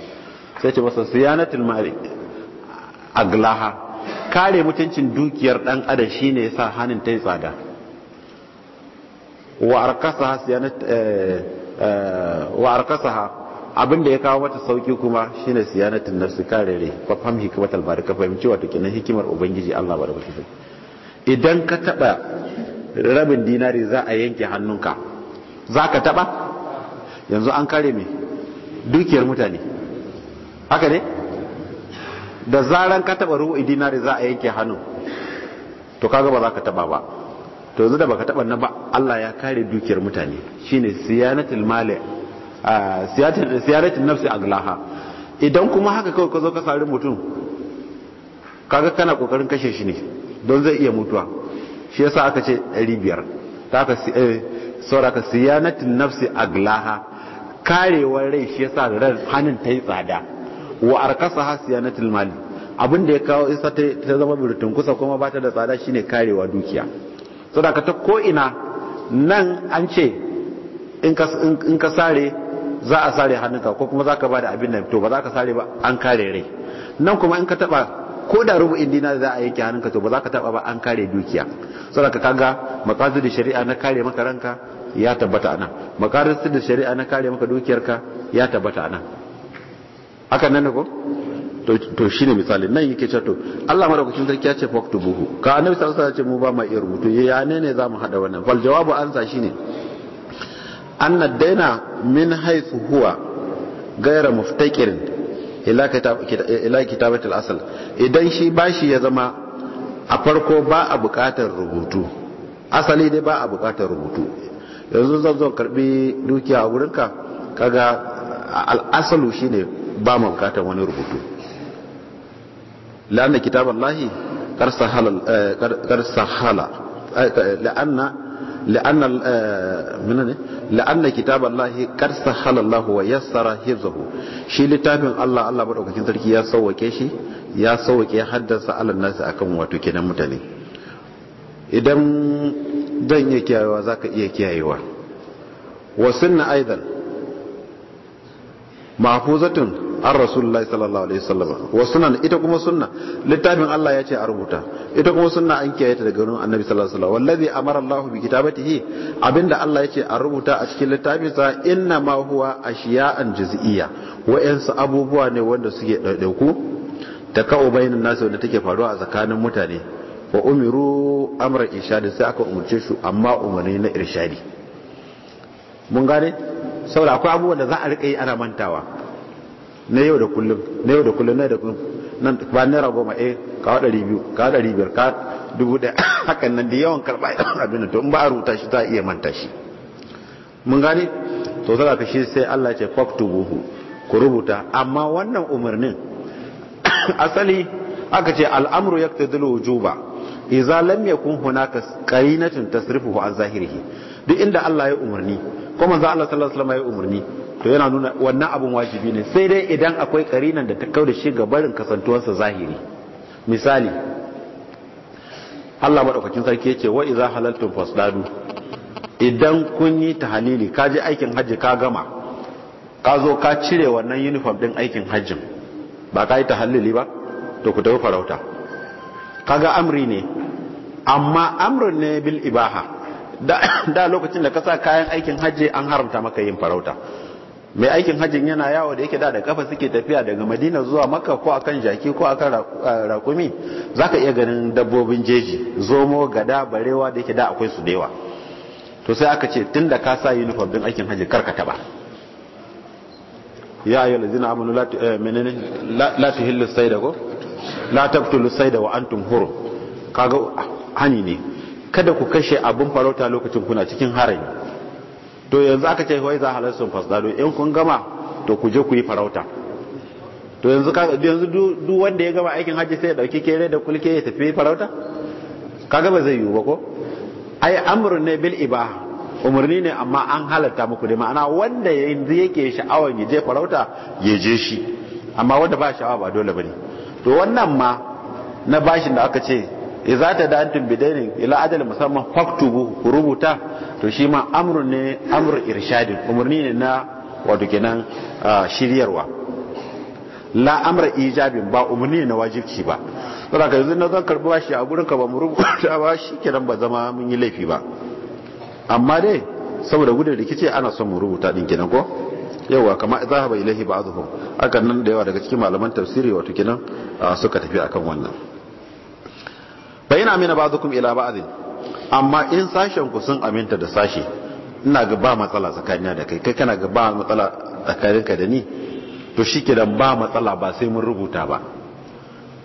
sai ce masa siyanatul mali aglaha kare mutuncin dukiyar dan adam shine yasa hanin ta yi tsada wa arkasa siyanat eh, eh, wa arkasaha abin da ya kawo mata sauki kuma shine siyanatin nafsi karere fa fahim hikmatal bari ka fahimci wato kenan hikimar ubangiji Allah ba idan ka taba rabin dinari za a yanke hannunka za ka taɓa yanzu an kare mai dukiyar mutane haka ne da zaran ka taɓa rubu dinari za a yanke hannu to kaga ba za ka taɓa ba to yanzu da ba ka taɓa na ba Allah ya kare dukiyar mutane shi ne siyanatul mali siyanatul nafsi aglaha idan kuma haka kawai ka zo ka sari mutum kaga kana kokarin kashe shi ne don zai iya mutuwa shi yasa aka ce 500 ta ka sauraka siyanatin nafsi aglaha karewar rai shi yasa ran hannun ta yi tsada wa arkasa ha siyanatul mali abin da ya kawo isa ta zama burutun kusa kuma ba ta da tsada shine karewa dukiya saboda ta ko ina nan an ce in ka sare za a sare hannunka ko kuma za ka ba da abin da to ba za ka sare ba an kare rai nan kuma in ka taba ko da rubu'in dinar za a yanke hannunka to ba za ka taba ba an kare dukiya saboda ka kaga da shari'a na kare maka ranka ya tabbata nan, anan da shari'a na kare maka dukiyarka ya tabbata nan haka nan ne ko to shi ne misali nan yake ce to Allah madaukakin sarki ya ce faktubuhu ka annabi sallallahu alaihi wasallam ya ce mu ba mai iya rubutu ya ne ne zamu hada wannan fal jawabu ansa shine anna daina min haythu huwa gaira muftakirin ila kitabatul asal idan shi bashi ya zama a farko ba a bukatar rubutu asali dai ba a bukatar rubutu yanzu zan zo karbi dukiya a wurinka kaga al'asalu shine ba mu bukatar wani rubutu la'anna kitaballahi qarsahala qarsahala eh, eh, eh, la'anna لأن من لأن كتاب الله قد سهل الله ويسر حفظه شي littafin Allah Allah madaukakin sarki ya sauwake shi ya sauwake haddasa alal nasi akan wato kenan mutane idan zan iya kiyayewa zaka iya kiyayewa wa sunna aidan mahfuzatun an rasulullahi sallallahu alaihi wasallam wa sunan ita kuma sunna littafin Allah ya ce a rubuta ita kuma sunna an kiyaye ta daga wurin annabi sallallahu alaihi wasallam wallazi amara Allah bi kitabatihi abinda Allah ya ce a rubuta a cikin littafin sa inna ma huwa ashiya'an juz'iyya wa'ansu abubuwa ne wanda suke ɗaiɗaiku ta kawo bayanin nasu wanda take faruwa a tsakanin mutane wa umiru amra irshadi sai aka umarce su amma umarni na irshadi mun gane saboda akwai abubuwan da za a riƙa yi ana mantawa na yau da kullum na yau da kullum na yau da kullum nan ba rabo ma eh ka ɗari biyu ka ɗari biyar ka dubu ɗaya hakan nan da yawan karɓa abin to in ba a rubuta shi za a iya manta shi mun gane to zaka ka shi sai Allah ce faktubuhu ku rubuta amma wannan umarnin asali aka ce al'amru yaqtadil wujuba idza lam yakun hunaka qarinatun tasrifuhu an zahirihi duk inda Allah ya umarni ko manzo Allah sallallahu alaihi wasallam ya umarni to yana nuna wannan abun wajibi ne sai dai idan akwai karinan da ta da shi ga barin kasantuwarsa zahiri misali Allah madaukakin sarki yake wa idza halaltum fasdadu idan kun yi tahalili ka je aikin hajji ka gama ka zo ka cire wannan uniform din aikin hajjin ba ka yi tahallili ba to ku tafi farauta kaga amri ne amma amrun ne bil ibaha da lokacin da ka sa kayan aikin hajji an haramta maka yin farauta mai aikin hajjin yana yawo da yake da da kafa suke tafiya daga madina zuwa maka ko akan jaki ko akan rakumi ka iya ganin dabbobin jeji zomo gada barewa da yake da akwai su dewa to sai aka ce tun da ka sa uniform din aikin hajji karka taba ya yi ladzina amunu la eh, menene la ko la sai da wa antum hurum kaga ah, hani ne kada ku kashe abin farauta lokacin kuna cikin harin to yanzu aka ce wai za halar sun fasdado in kun gama to ku je ku yi farauta to yanzu duk wanda ya gama aikin hajji sai ya dauki kere da kulke ya tafi farauta kaga ba zai yiwu ba ko ai amrun ne bil ibaha umarni ne amma an halatta muku ne ma'ana wanda yanzu yake sha'awar ya je farauta ya je shi amma wanda ba sha'awa ba dole bane to wannan ma na bashin da aka ce idza tadantum bidainin ila ajalin musamman faktubu ku rubuta to shi ma amrun ne amr Irshadi, umurni ne na wato kenan shiryarwa la amr ijabin ba umurni ne na wajibci ba saboda yanzu na zan karbi bashi a gurin ka ba mu rubuta ba kenan ba zama mun yi laifi ba amma dai saboda gudun rikici ana son mu rubuta din kenan ko yawa kama zahaba ilahi ba'dhum akan nan da yawa daga cikin malaman tafsiri wato kenan suka tafi akan wannan fa yana ba ba'dukum ila ba'din amma in sashen ku sun aminta da sashi ina ga ba matsala tsakanina da kai kai kana ga ba matsala tsakaninka da ni to da ba matsala ba sai mun rubuta ba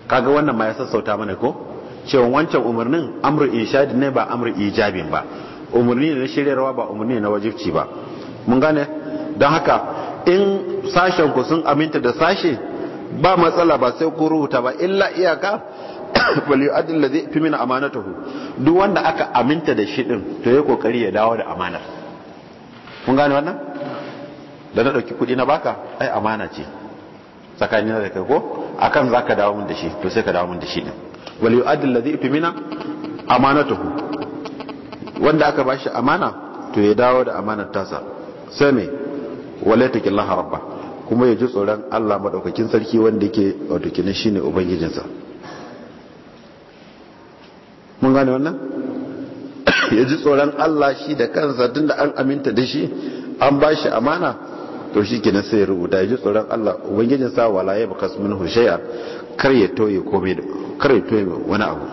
kaga wannan ma ya sassauta mana ko cewa wancan umarnin amru inshadi ne ba amru ijabin ba umarni ne na shiryarwa ba umarni na wajibci ba mun gane don haka in sashen ku sun aminta da sashe ba matsala ba sai ku rubuta ba illa iyaka falyu'addil ladhi fi min amanatahu duk wanda aka aminta da shi din to yayi kokari ya dawo da amanar kun gane wannan da na dauki kudi na baka ai amana ce tsakani na da kai ko akan zaka dawo mun da shi to sai ka dawo mun da shi din falyu'addil ladhi fi min amanatahu wanda aka bashi amana to ya dawo da amanar tasa sai me wala taqillaha rabba kuma ya ji tsoron Allah madaukakin sarki wanda yake wato kinan shine ubangijinsa mun gane wannan ya ji tsoron Allah shi da kansa tun da an aminta da shi an ba shi amana to shi kenan sai ya rubuta ya ji tsoron Allah ubangijin sa wala ya bakas min hushaya kar ya toye komai kar ya toye wani abu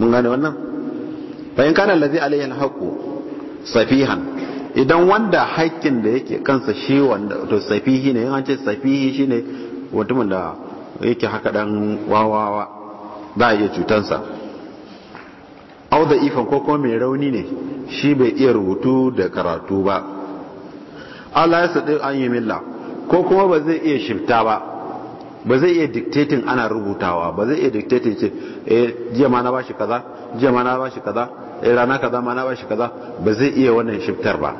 mun gane wannan bayan kana allazi alayhi alhaqu safihan idan wanda haƙƙin da yake kansa shi wanda to safihi ne in an ce safihi shine mutumin da yake haka dan wawawa za a iya cutansa au da ifan ko kuma mai rauni ne shi bai iya rubutu da karatu ba Allah ya sadi an yi milla ko kuma ba zai iya shifta ba ba zai iya dictating ana rubutawa ba zai iya dictating ce eh jiya ma na bashi kaza jiya ma na bashi kaza eh rana kaza ma na bashi kaza ba zai iya wannan shiftar ba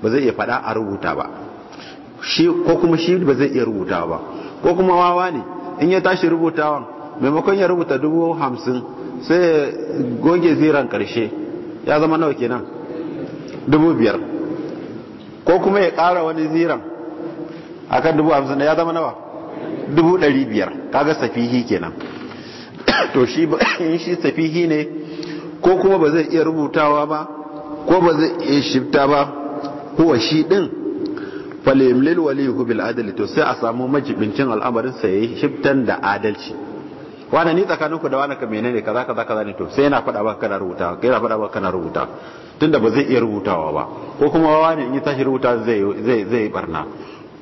ba zai iya fada a rubuta ba shi ko kuma shi ba zai iya rubutawa ba ko kuma wawa ne in ya tashi rubutawan maimakon ya rubuta dubu hamsin sai ya goge ziran karshe ya zama nawa kenan dubu biyar ko kuma ya ƙara wani ziran akan dubu hamsin ya zama nawa dubu ɗari biyar kaga safihi kenan to shi in shi safihi ne ko kuma ba zai iya rubutawa ba ko ba zai iya shifta ba huwa shi ɗin falimlil waliyu bil adali to sai a samu majibincin al'amarin sai shiftan da adalci wani ni tsakaninku da wani ka menene kaza kaza kaza ne to sai yana faɗa maka kana rubuta kai yana faɗa maka kana rubuta tunda ba zai iya rubutawa ba ko kuma wani in yi tashi rubuta zai zai zai barna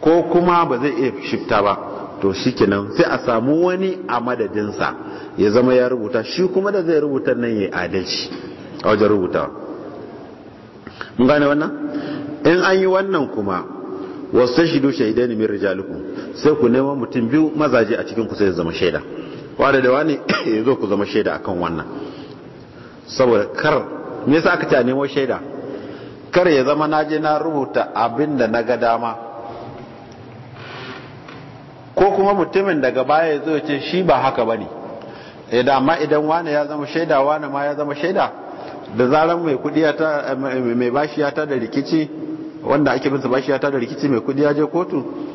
ko kuma ba zai iya shifta ba to shikenan sai a samu wani a madadinsa ya zama ya rubuta shi kuma da zai rubuta nan ya adalci a wajen rubuta mun gane wannan in an yi wannan kuma wasu shidu shaidai ne min rijalikum sai ku neman mutum biyu mazaje a cikin ku sai zama shaida wane da wane ya zo ku zama shaida akan wannan saboda kar me yasa aka ta nemo shaida kar ya zama na je na rubuta abin da na ga dama ko kuma mutumin daga baya ya zo ce shi ba haka ba ne eh, amma idan wane ya zama shaida wane ma ya zama shaida da zaran mai kudi eh, mai bashi ya ta da rikici wanda ake bin sa bashi ya ta da rikici mai kudi ya je kotu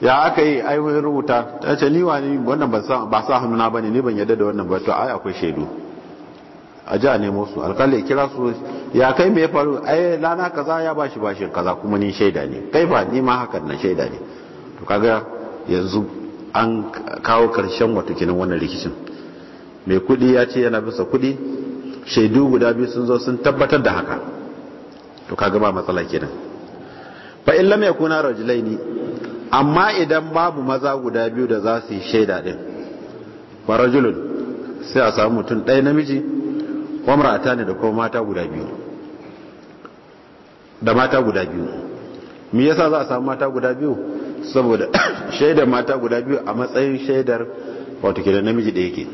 ya aka yi ai wani rubuta ta ce ni wani wannan ba sa hannuna ba ne ni ban yadda da wannan ba to ai akwai shaidu a ji a nemo su alƙalai kira su ya kai mai faru ai lana kaza ya bashi bashi kaza kuma ni shaida ne kai ba ni ma hakan na shaida ne to kaga yanzu an kawo karshen wata kinin wannan rikicin mai kuɗi ya ce yana bisa kuɗi shaidu guda biyu sun zo sun tabbatar da haka to kaga ba matsala kenan fa in lam yakuna rajulaini amma idan babu maza guda biyu da za su yi shaida din farajulun sai a samu mutum ɗaya namiji wamrata ne da kuma mata guda biyu da mata guda biyu me yasa za a samu mata guda biyu saboda shaidar mata guda biyu a matsayin shaidar wato ke da namiji da yake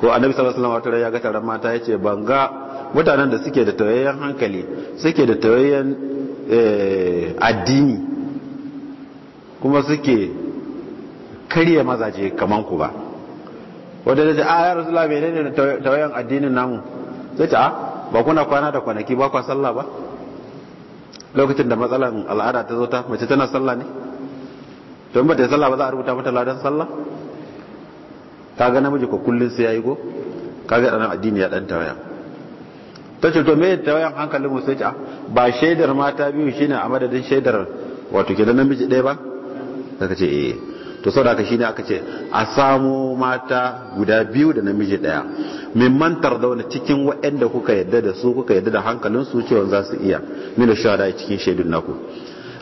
ko annabi sallallahu alaihi wasallam ya ga taron mata yace ban ga mutanen da suke da tawayen hankali suke da tawayyen eh, addini kuma suke karya mazaje kaman ku ba wadda da a ah, ya rasu labe ne ne tawayan addinin namu zai ta ah, ba kuna kwana da kwanaki ba kwa sallah ba lokacin da matsalan al'ada ta zo ta mace tana sallah ne to in ba ta yi sallah ba za a rubuta mata ladan sallah ka ga namiji ko kullun sai yayi go ka ga dan addini ya dan tawaya ta ce to me tawayan hankalin mu sai ta ah, ba shaidar mata biyu shine a madadin shaidar wato ke da namiji ɗaya ba sai ka ce eh to saboda haka shine aka ce a samu mata guda biyu da namiji daya da tardauna cikin waɗanda kuka yadda da su kuka yadda da hankalin su cewa za su iya mina shahada cikin shaidun naku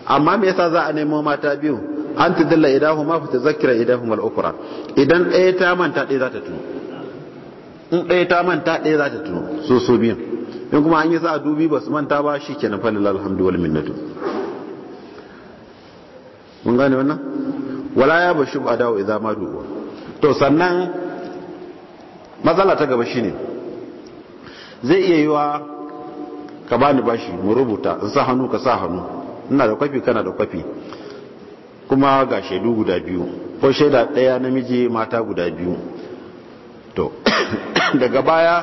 amma me yasa za a nemo mata biyu an tudalla idahuma fa tazakkara idahuma al ukra idan ɗaya ta manta ɗaya za ta tuno in ɗaya ta manta ɗaya za ta tuno so so biyan in kuma an yi sa a dubi ba su manta ba shi kenan fa lillahi alhamdu mun gane wannan wala ya bashi ba dawo idza ma duwa to sannan matsala ta gaba shine zai iya yiwa ka bani bashi mu rubuta in sa hannu ka sa hannu ina da kwafi kana da kwafi kuma ga shaidu guda biyu ko shaida ɗaya namiji mata guda biyu to daga baya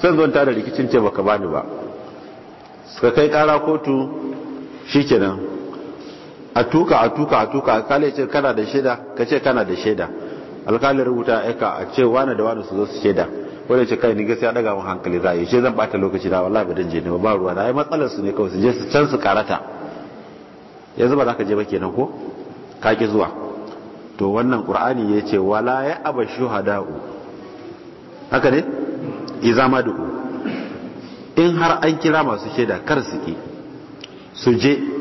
zan zo ta da rikicin ce baka bani ba suka kai kara kotu shikenan a tuka a tuka a tuka alkali ce kana da shaida ka ce kana da shaida alkali rubuta aika a ce wani da wani su zo su shaida wanda ce kai ni gaskiya daga mu hankali za yi zan bata lokaci na wallahi ba dan ne ba ruwa na ai matsalar su ne kawai su je su can su karata yanzu ba za ka je ba kenan ko ka ki zuwa to wannan qur'ani ya ce wala ya aba shuhada'u haka ne iza ma in har an kira masu shaida kar su ki su je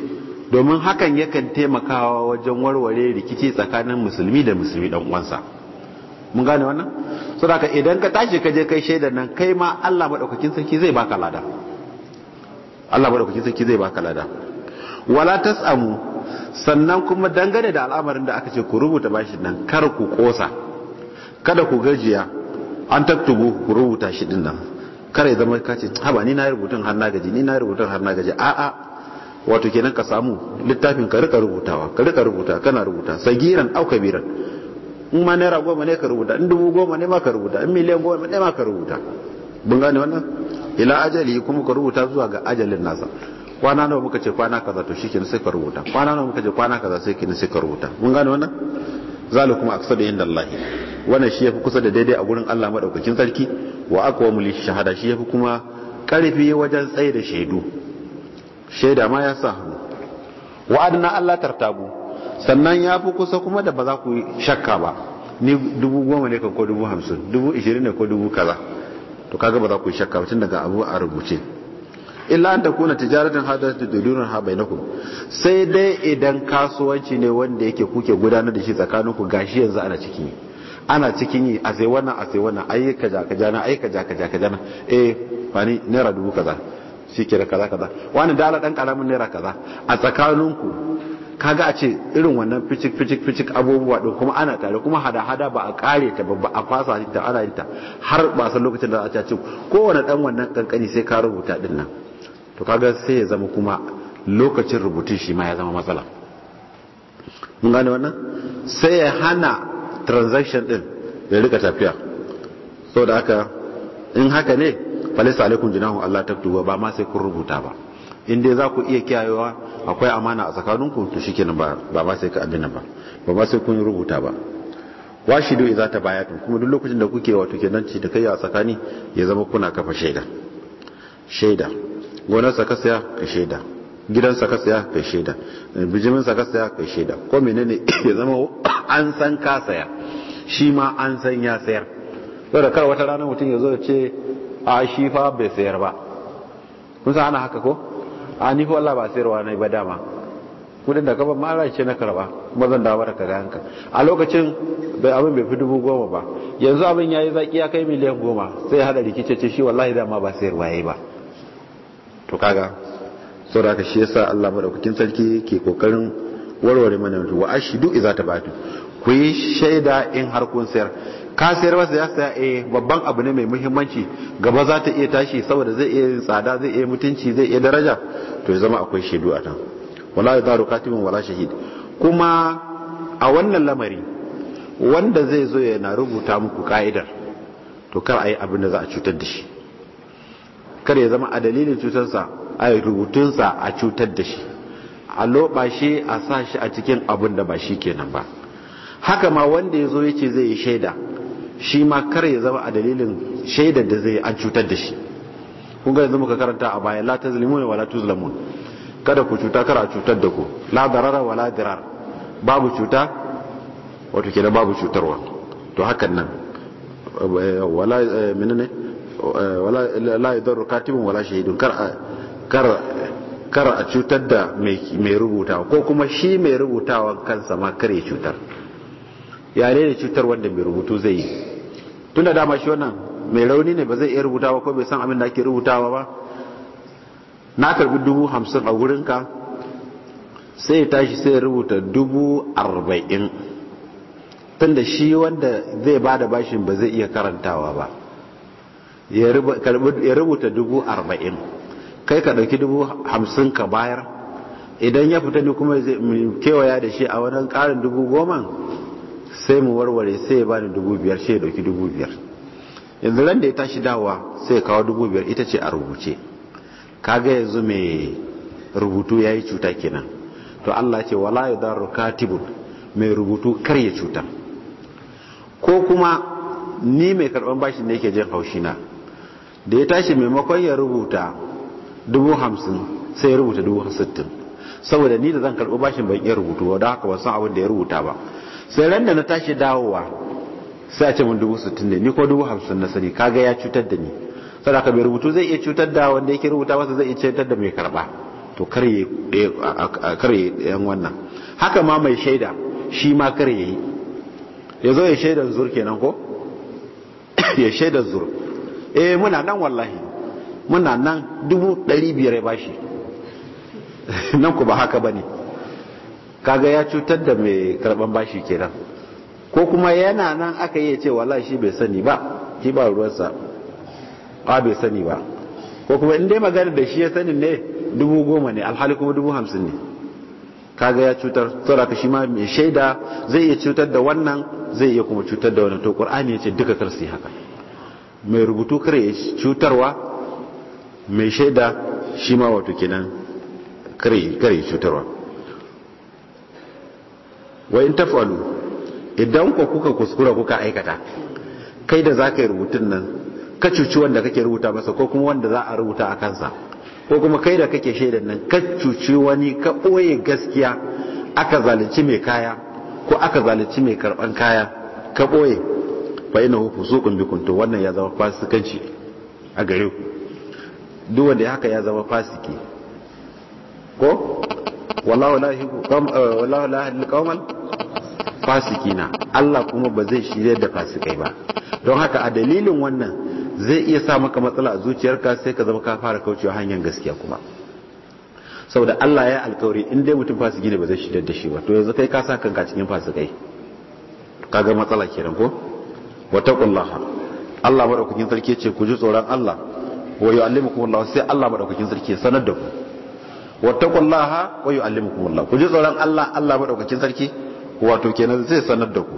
domin hakan yakan taimakawa wajen warware rikici tsakanin musulmi da musulmi dan uwansa mun gane wannan saboda idan ka tashi ka je kai shaidar nan kai ma Allah madaukakin sarki zai baka lada Allah madaukakin sarki zai baka lada wala tasamu sannan kuma dangane da al'amarin da aka ce ku rubuta bashin nan kar ku kosa kada ku gajiya an taktubu ku rubuta shi din nan kare zama ka ce haba ni na rubutun har na gaji ni na rubutun har na gaji a'a wato kenan ka samu littafin ka rika rubutawa ka rika rubuta kana rubuta sagiran au kabiran in ma naira goma ne ka rubuta in dubu goma ne ma ka rubuta in miliyan goma ne ma ka rubuta mun gane wannan ila ajali kuma ka rubuta zuwa ga ajalin nasa kwana nawa muka ce kwana kaza to shikenan sai ka rubuta kwana nawa muka ce kwana kaza sai kenan sai ka rubuta mun gane wannan zalikum aqsadu inda Allah wannan shi yafi kusa da daidai a gurin Allah madaukakin sarki wa aqwamul shahada shi yafi kuma karfi wajen tsaye da shaidu shaida ma ya sa hannu wa adna Allah tartabu sannan ya fi kusa kuma da ba za ku shakka ba ni dubu goma ne ko dubu hamsin dubu ishirin ne ko dubu kaza to kaga ba za ku shakka ba tun daga abu a rubuce illa an kuna tijaratin da tudurun ha bainakum sai dai idan kasuwanci ne wanda yake kuke gudanar da shi tsakaninku gashi yanzu ana cikin ana cikin yi a sai wannan a sai wannan ayyuka jaka jana ayyuka jaka jaka jana eh fani naira dubu kaza shi kira da kaza kaza wani dala dan karamin naira kaza a tsakaninku kaga a ce irin wannan ficik ficik ficik abubuwa din kuma ana tare kuma hada hada ba a kare ta ba a fasa ta ana yin ta har ba san lokacin da za a ce kowane dan wannan kankani sai ka rubuta din nan to kaga sai ya zama kuma lokacin rubutun shi ma ya zama matsala mun gane wannan sai ya hana transaction din ya rika tafiya saboda haka in haka ne falisa alaikum jinahu Allah taktuba ba ma sai kun rubuta ba in dai za ku iya kiyayewa akwai amana a tsakaninku to shikenan ba ba ma sai ka abin nan ba ba ma sai kun rubuta ba washidu idza tabayatun kuma duk lokacin da kuke wato kenan ci da kai a tsakani ya zama kuna kafa shaida shaida gonar sa ka saya ka shaida gidan sa ka saya ka shaida bijimin sa ka saya ka shaida ko menene ya zama an san ka saya shi ma an san ya sayar saboda kar wata rana mutum ya zo ya ce a shi fa bai sayar ba kun san ana haka ko a ni fa wallahi ba sayarwa ne ba dama kudin da gaban mara ce na karba kuma zan dawo da kaga hanka a lokacin bai abin bai fi dubu goma ba yanzu abin yayi zaki ya kai miliyan goma sai ya hada rikice ce shi wallahi dama ba sayarwa yayi ba to kaga saboda ka shi yasa Allah madaukakin sarki ke kokarin warware mana wa ashidu iza tabatu ku yi shaida in har kun sayar ka sayar masa ya saya a eh, babban abu ne mai muhimmanci gaba za ta iya tashi saboda zai iya tsada zai iya mutunci zai iya daraja to ya zama akwai shaidu a nan wala yadaru katibin wala shahid kuma a wannan lamari wanda zai zo yana rubuta muku ka'idar to kar a yi abin da za a cutar da shi kar ya zama a dalilin cutarsa a yi rubutunsa a cutar da shi a loɓa shi a sa shi a cikin abin da ba shi kenan ba haka ma wanda ya zo ya ce zai yi shaida shi ma kar ya zama a dalilin shaidar da zai an cutar da shi kun ga yanzu muka karanta a baya la tazlimuna wala tuzlamun kada ku cuta kar a cutar da ku la darara wala dirar babu cuta wato da babu cutarwa to hakan nan wala eh, menene eh, wala la yadurru katibun wala shahidun kar kar kar a cutar da mai rubutawa ko kuma shi mai rubutawa kansa ma kare cutar yare da cutar wanda mai rubutu zai yi tun da dama shi wannan mai rauni ne ba zai iya rubutawa ko bai san abin da ake rubutawa ba na karbi dubu hamsin a wurinka sai ya tashi sai ya rubuta dubu arba'in tun da shi wanda zai ba da bashin ba zai iya karantawa ba ya rubuta dubu arba'in kai ka ɗauki dubu hamsin ka bayar idan ya fita ne kuma kewaya da shi a wani ƙarin dubu goma sai mu warware sai ya bani dubu biyar sai ya dauki dubu biyar yanzu ran da ya tashi dawa sai ya kawo dubu biyar ita ce a rubuce kaga yanzu mai rubutu ya yi cuta kenan to Allah ce wala ya daru katibun mai rubutu kar ya cuta ko kuma ni mai karban bashin da yake jin haushina da ya tashi maimakon ya rubuta dubu hamsin sai ya rubuta dubu hamsin saboda ni da zan karɓi bashin ban iya rubutu ba da haka ban san abin da ya rubuta ba sai ran da na tashi dawowa sai a ce mun dubu sittin ne ni ko dubu hamsin na sani kaga ya cutar da ni sadaka mai rubutu zai iya cutar da wanda yake rubuta masa zai iya cutar da mai karba to karye eh, yan wannan haka ma mai shaida shi ma ya yi ya zo ya shaidan zur kenan ko ya shaidan zur eh muna nan wallahi muna nan dubu ɗari biyar ya bashi nan ku ba haka ba ne kaga ya cutar da mai karban bashi kenan ko kuma yana nan aka yi ce wallahi shi bai sani ba shi ba ruwansa ba bai sani ba ko kuma in dai magana da shi ya sani ne dubu goma ne alhali kuma dubu hamsin ne kaga ya cutar ka shi ma mai shaida zai iya cutar da wannan zai iya kuma cutar da wannan to qur'ani yace duka kar su haka mai rubutu ya cutarwa mai shaida shi ma wato kenan kare cutarwa wa in taf'alu idan ku kuka kuskura kuka aikata kai da zaka rubutun nan ka cuci wanda kake rubuta masa ko kuma wanda za a rubuta a kansa ko kuma kai da kake shaidan nan ka cuci wani ka ɓoye gaskiya aka zalunci mai kaya ko aka zalunci mai karɓan kaya ka ɓoye fa ina hufu sukun to wannan ya zama fasikanci a gare ku duk wanda haka ya zama fasiki ko wallahu la yuhibbu eh, wallahu la fasikina Allah kuma ba zai shirye da fasikai ba don haka a dalilin wannan zai iya sa maka matsala a zuciyarka sai ka zama ka fara kaucewa hanyar gaskiya kuma saboda Allah ya alkawari in dai mutum fasiki ne ba zai shirye da shi ba to yanzu kai ka sa kanka cikin fasikai kaga matsala kenan ko wataqullaha Allah madaukakin sarki ce ku ji tsoron Allah wa yu'allimukum Allah sai Allah madaukakin sarki sanar da ku wattaqullaha wa yu'allimukumullah ku ji tsoron Allah Allah madaukakin sarki wato kenan zai sanar da ku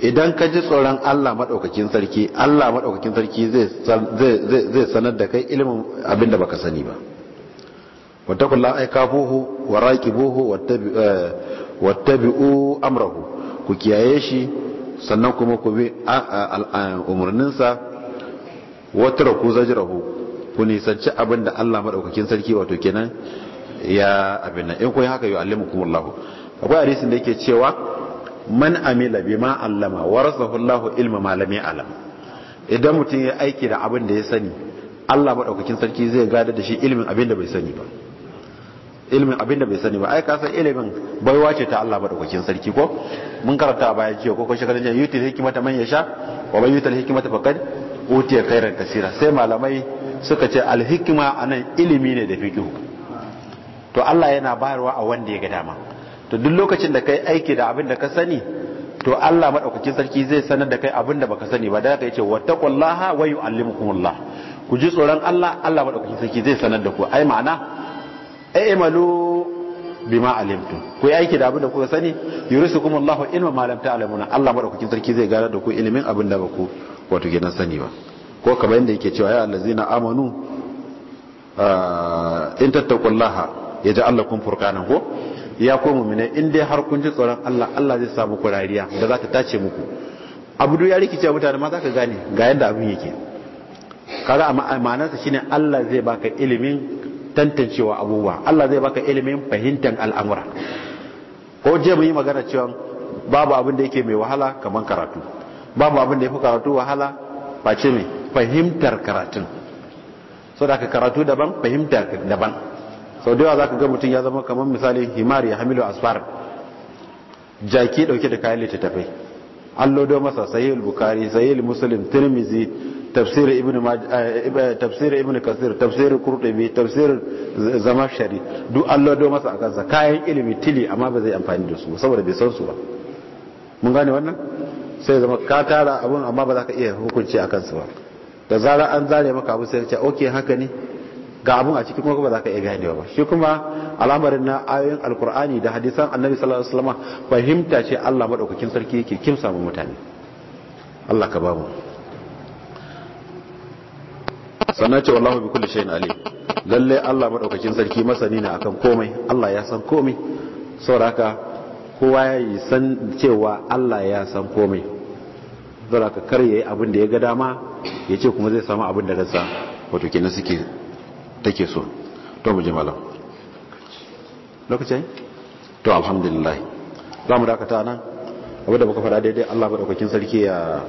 idan ka ji tsoron Allah madaukakin sarki Allah madaukakin sarki zai zai zai sanar da kai ilimin abinda baka sani ba wattaqullaha ay kafuhu wa raqibuhu eh, wattabi'u amrahu ku kiyaye shi sannan kuma ku bi umarninsa wata raku zajirahu ku nisanci abin da Allah maɗaukakin sarki wato kenan ya abin nan in kun haka yu'allimukum Allah akwai hadisin da yake cewa man amila bima allama warasahu Allah ilma ma lam ya'lam idan mutum ya aiki da abin da ya sani Allah madaukakin sarki zai gada da shi ilmin abin da bai sani ba Ilmin abin da bai sani ba ai ka san ilimin baiwa ce ta Allah madaukakin sarki ko mun karanta a baya cewa ko ko shekarun jiya yutil hikmata man yasha wa man yutil hikmata faqad utiya khairan kasira sai malamai suka ce al hikma anan ilimi ne da fiqhu to Allah yana bayarwa a wanda ya ga dama to duk lokacin da kai aiki da abin da ka sani to Allah madaukakin sarki zai sanar da kai abin da baka sani ba da haka yace wattaqullaha wa yu'allimukumullah ku ji tsoron Allah Allah madaukakin sarki zai sanar da ku ai ma'ana ai imalu bima alimtu ku yi aiki da abin da kuka sani yurisukumullahu ilma ma lam ta'lamuna Allah madaukakin sarki zai gara da ku ilimin abin da baku wato gidan sani ba ko kamar yadda yake cewa ya allazina amanu ah, in tattaqullaha ya ji Allah kun furkanan ko ya ko ne in dai har kun ji tsoron Allah Allah zai samu muku rariya da za ta tace muku abu ya rikice mutane ma za ka gane ga yadda abin yake kaga amma ma'anarsa shine Allah zai baka ilimin tantancewa abubuwa Allah zai baka ilimin fahimtar al'amura ko je mu yi magana cewa babu abin da yake mai wahala kamar karatu babu abin da ya fi karatu wahala face mai fahimtar karatun saboda ka karatu daban fahimtar daban sau da yawa za ka ga mutum ya zama kamar misali himar ya hamilu asfar jaki dauke da kayan littattafai allo do masa sahih bukari bukhari musulun muslim tirmizi tafsir eh, ibn tafsir ibn kasir tafsir qurtubi tafsir zamashari duk allo do masa akan sa kayan ilimi tili amma ba zai amfani da su saboda bai san su ba mun gane wannan sai zama ka tara abun amma ba za ka iya hukunci akan su ba da zara an zare maka abu sai ka ce okay haka ne ga abun a ciki kuma ba za ka iya ganewa ba shi kuma al'amarin na ayoyin alkur'ani da hadisan annabi sallallahu alaihi wasallam fahimta ce Allah madaukakin sarki yake kin samu mutane Allah ka bamu. sannan ce wallahi bi kulli shay'in alim lalle Allah madaukakin sarki masani ne akan komai Allah ya san komai saboda kowa ya san cewa Allah ya san komai saboda kar yayi abin da ya ga dama ya ce kuma zai samu abin da rasa wato kenan suke take so to mu je malam lokaci to alhamdulillah za mu dakata nan abinda muka fara daidai Allah madaukakin sarki ya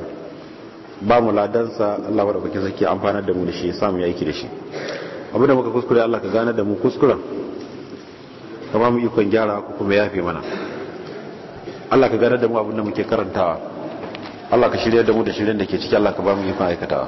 ba mu ladansa Allah madaukakin sarki ya amfanar da mu da shi ya samu yaki da shi abinda muka kuskure Allah ka gane da mu ka ba mu ikon gyara ku kuma yafe mana Allah ka gane da mu abinda muke karantawa Allah ka shirya da mu da shirin da ke ciki Allah ka ba mu ikon aikatawa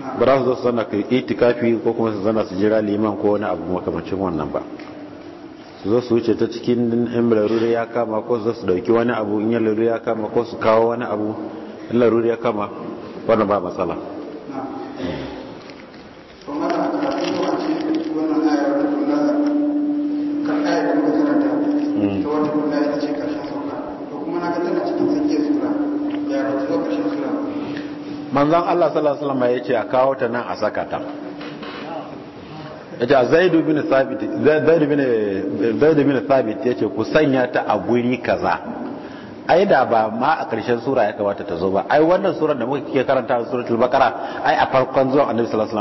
ba za su zo su kai ka itikafi ko kuma su zana su jira liman ko wani abu makamancin wannan ba su zo su wuce ta cikin in laruri ya kama ko su zo su dauki wani abu in laruri ya kama ko su kawo wani abu in laruri ya kama wannan ba matsala manzan Allah sallallahu alaihi wasallam ce a kawo ta nan a saka ta yace zaidu bin Thabit zaidu bin zaidu bin Thabit yace ku sanya ta a guri kaza ai da ba ma a ƙarshen sura ya kamata ta zo ba ai wannan surar da muke karanta suratul baqara ai a farkon zuwan annabi sallallahu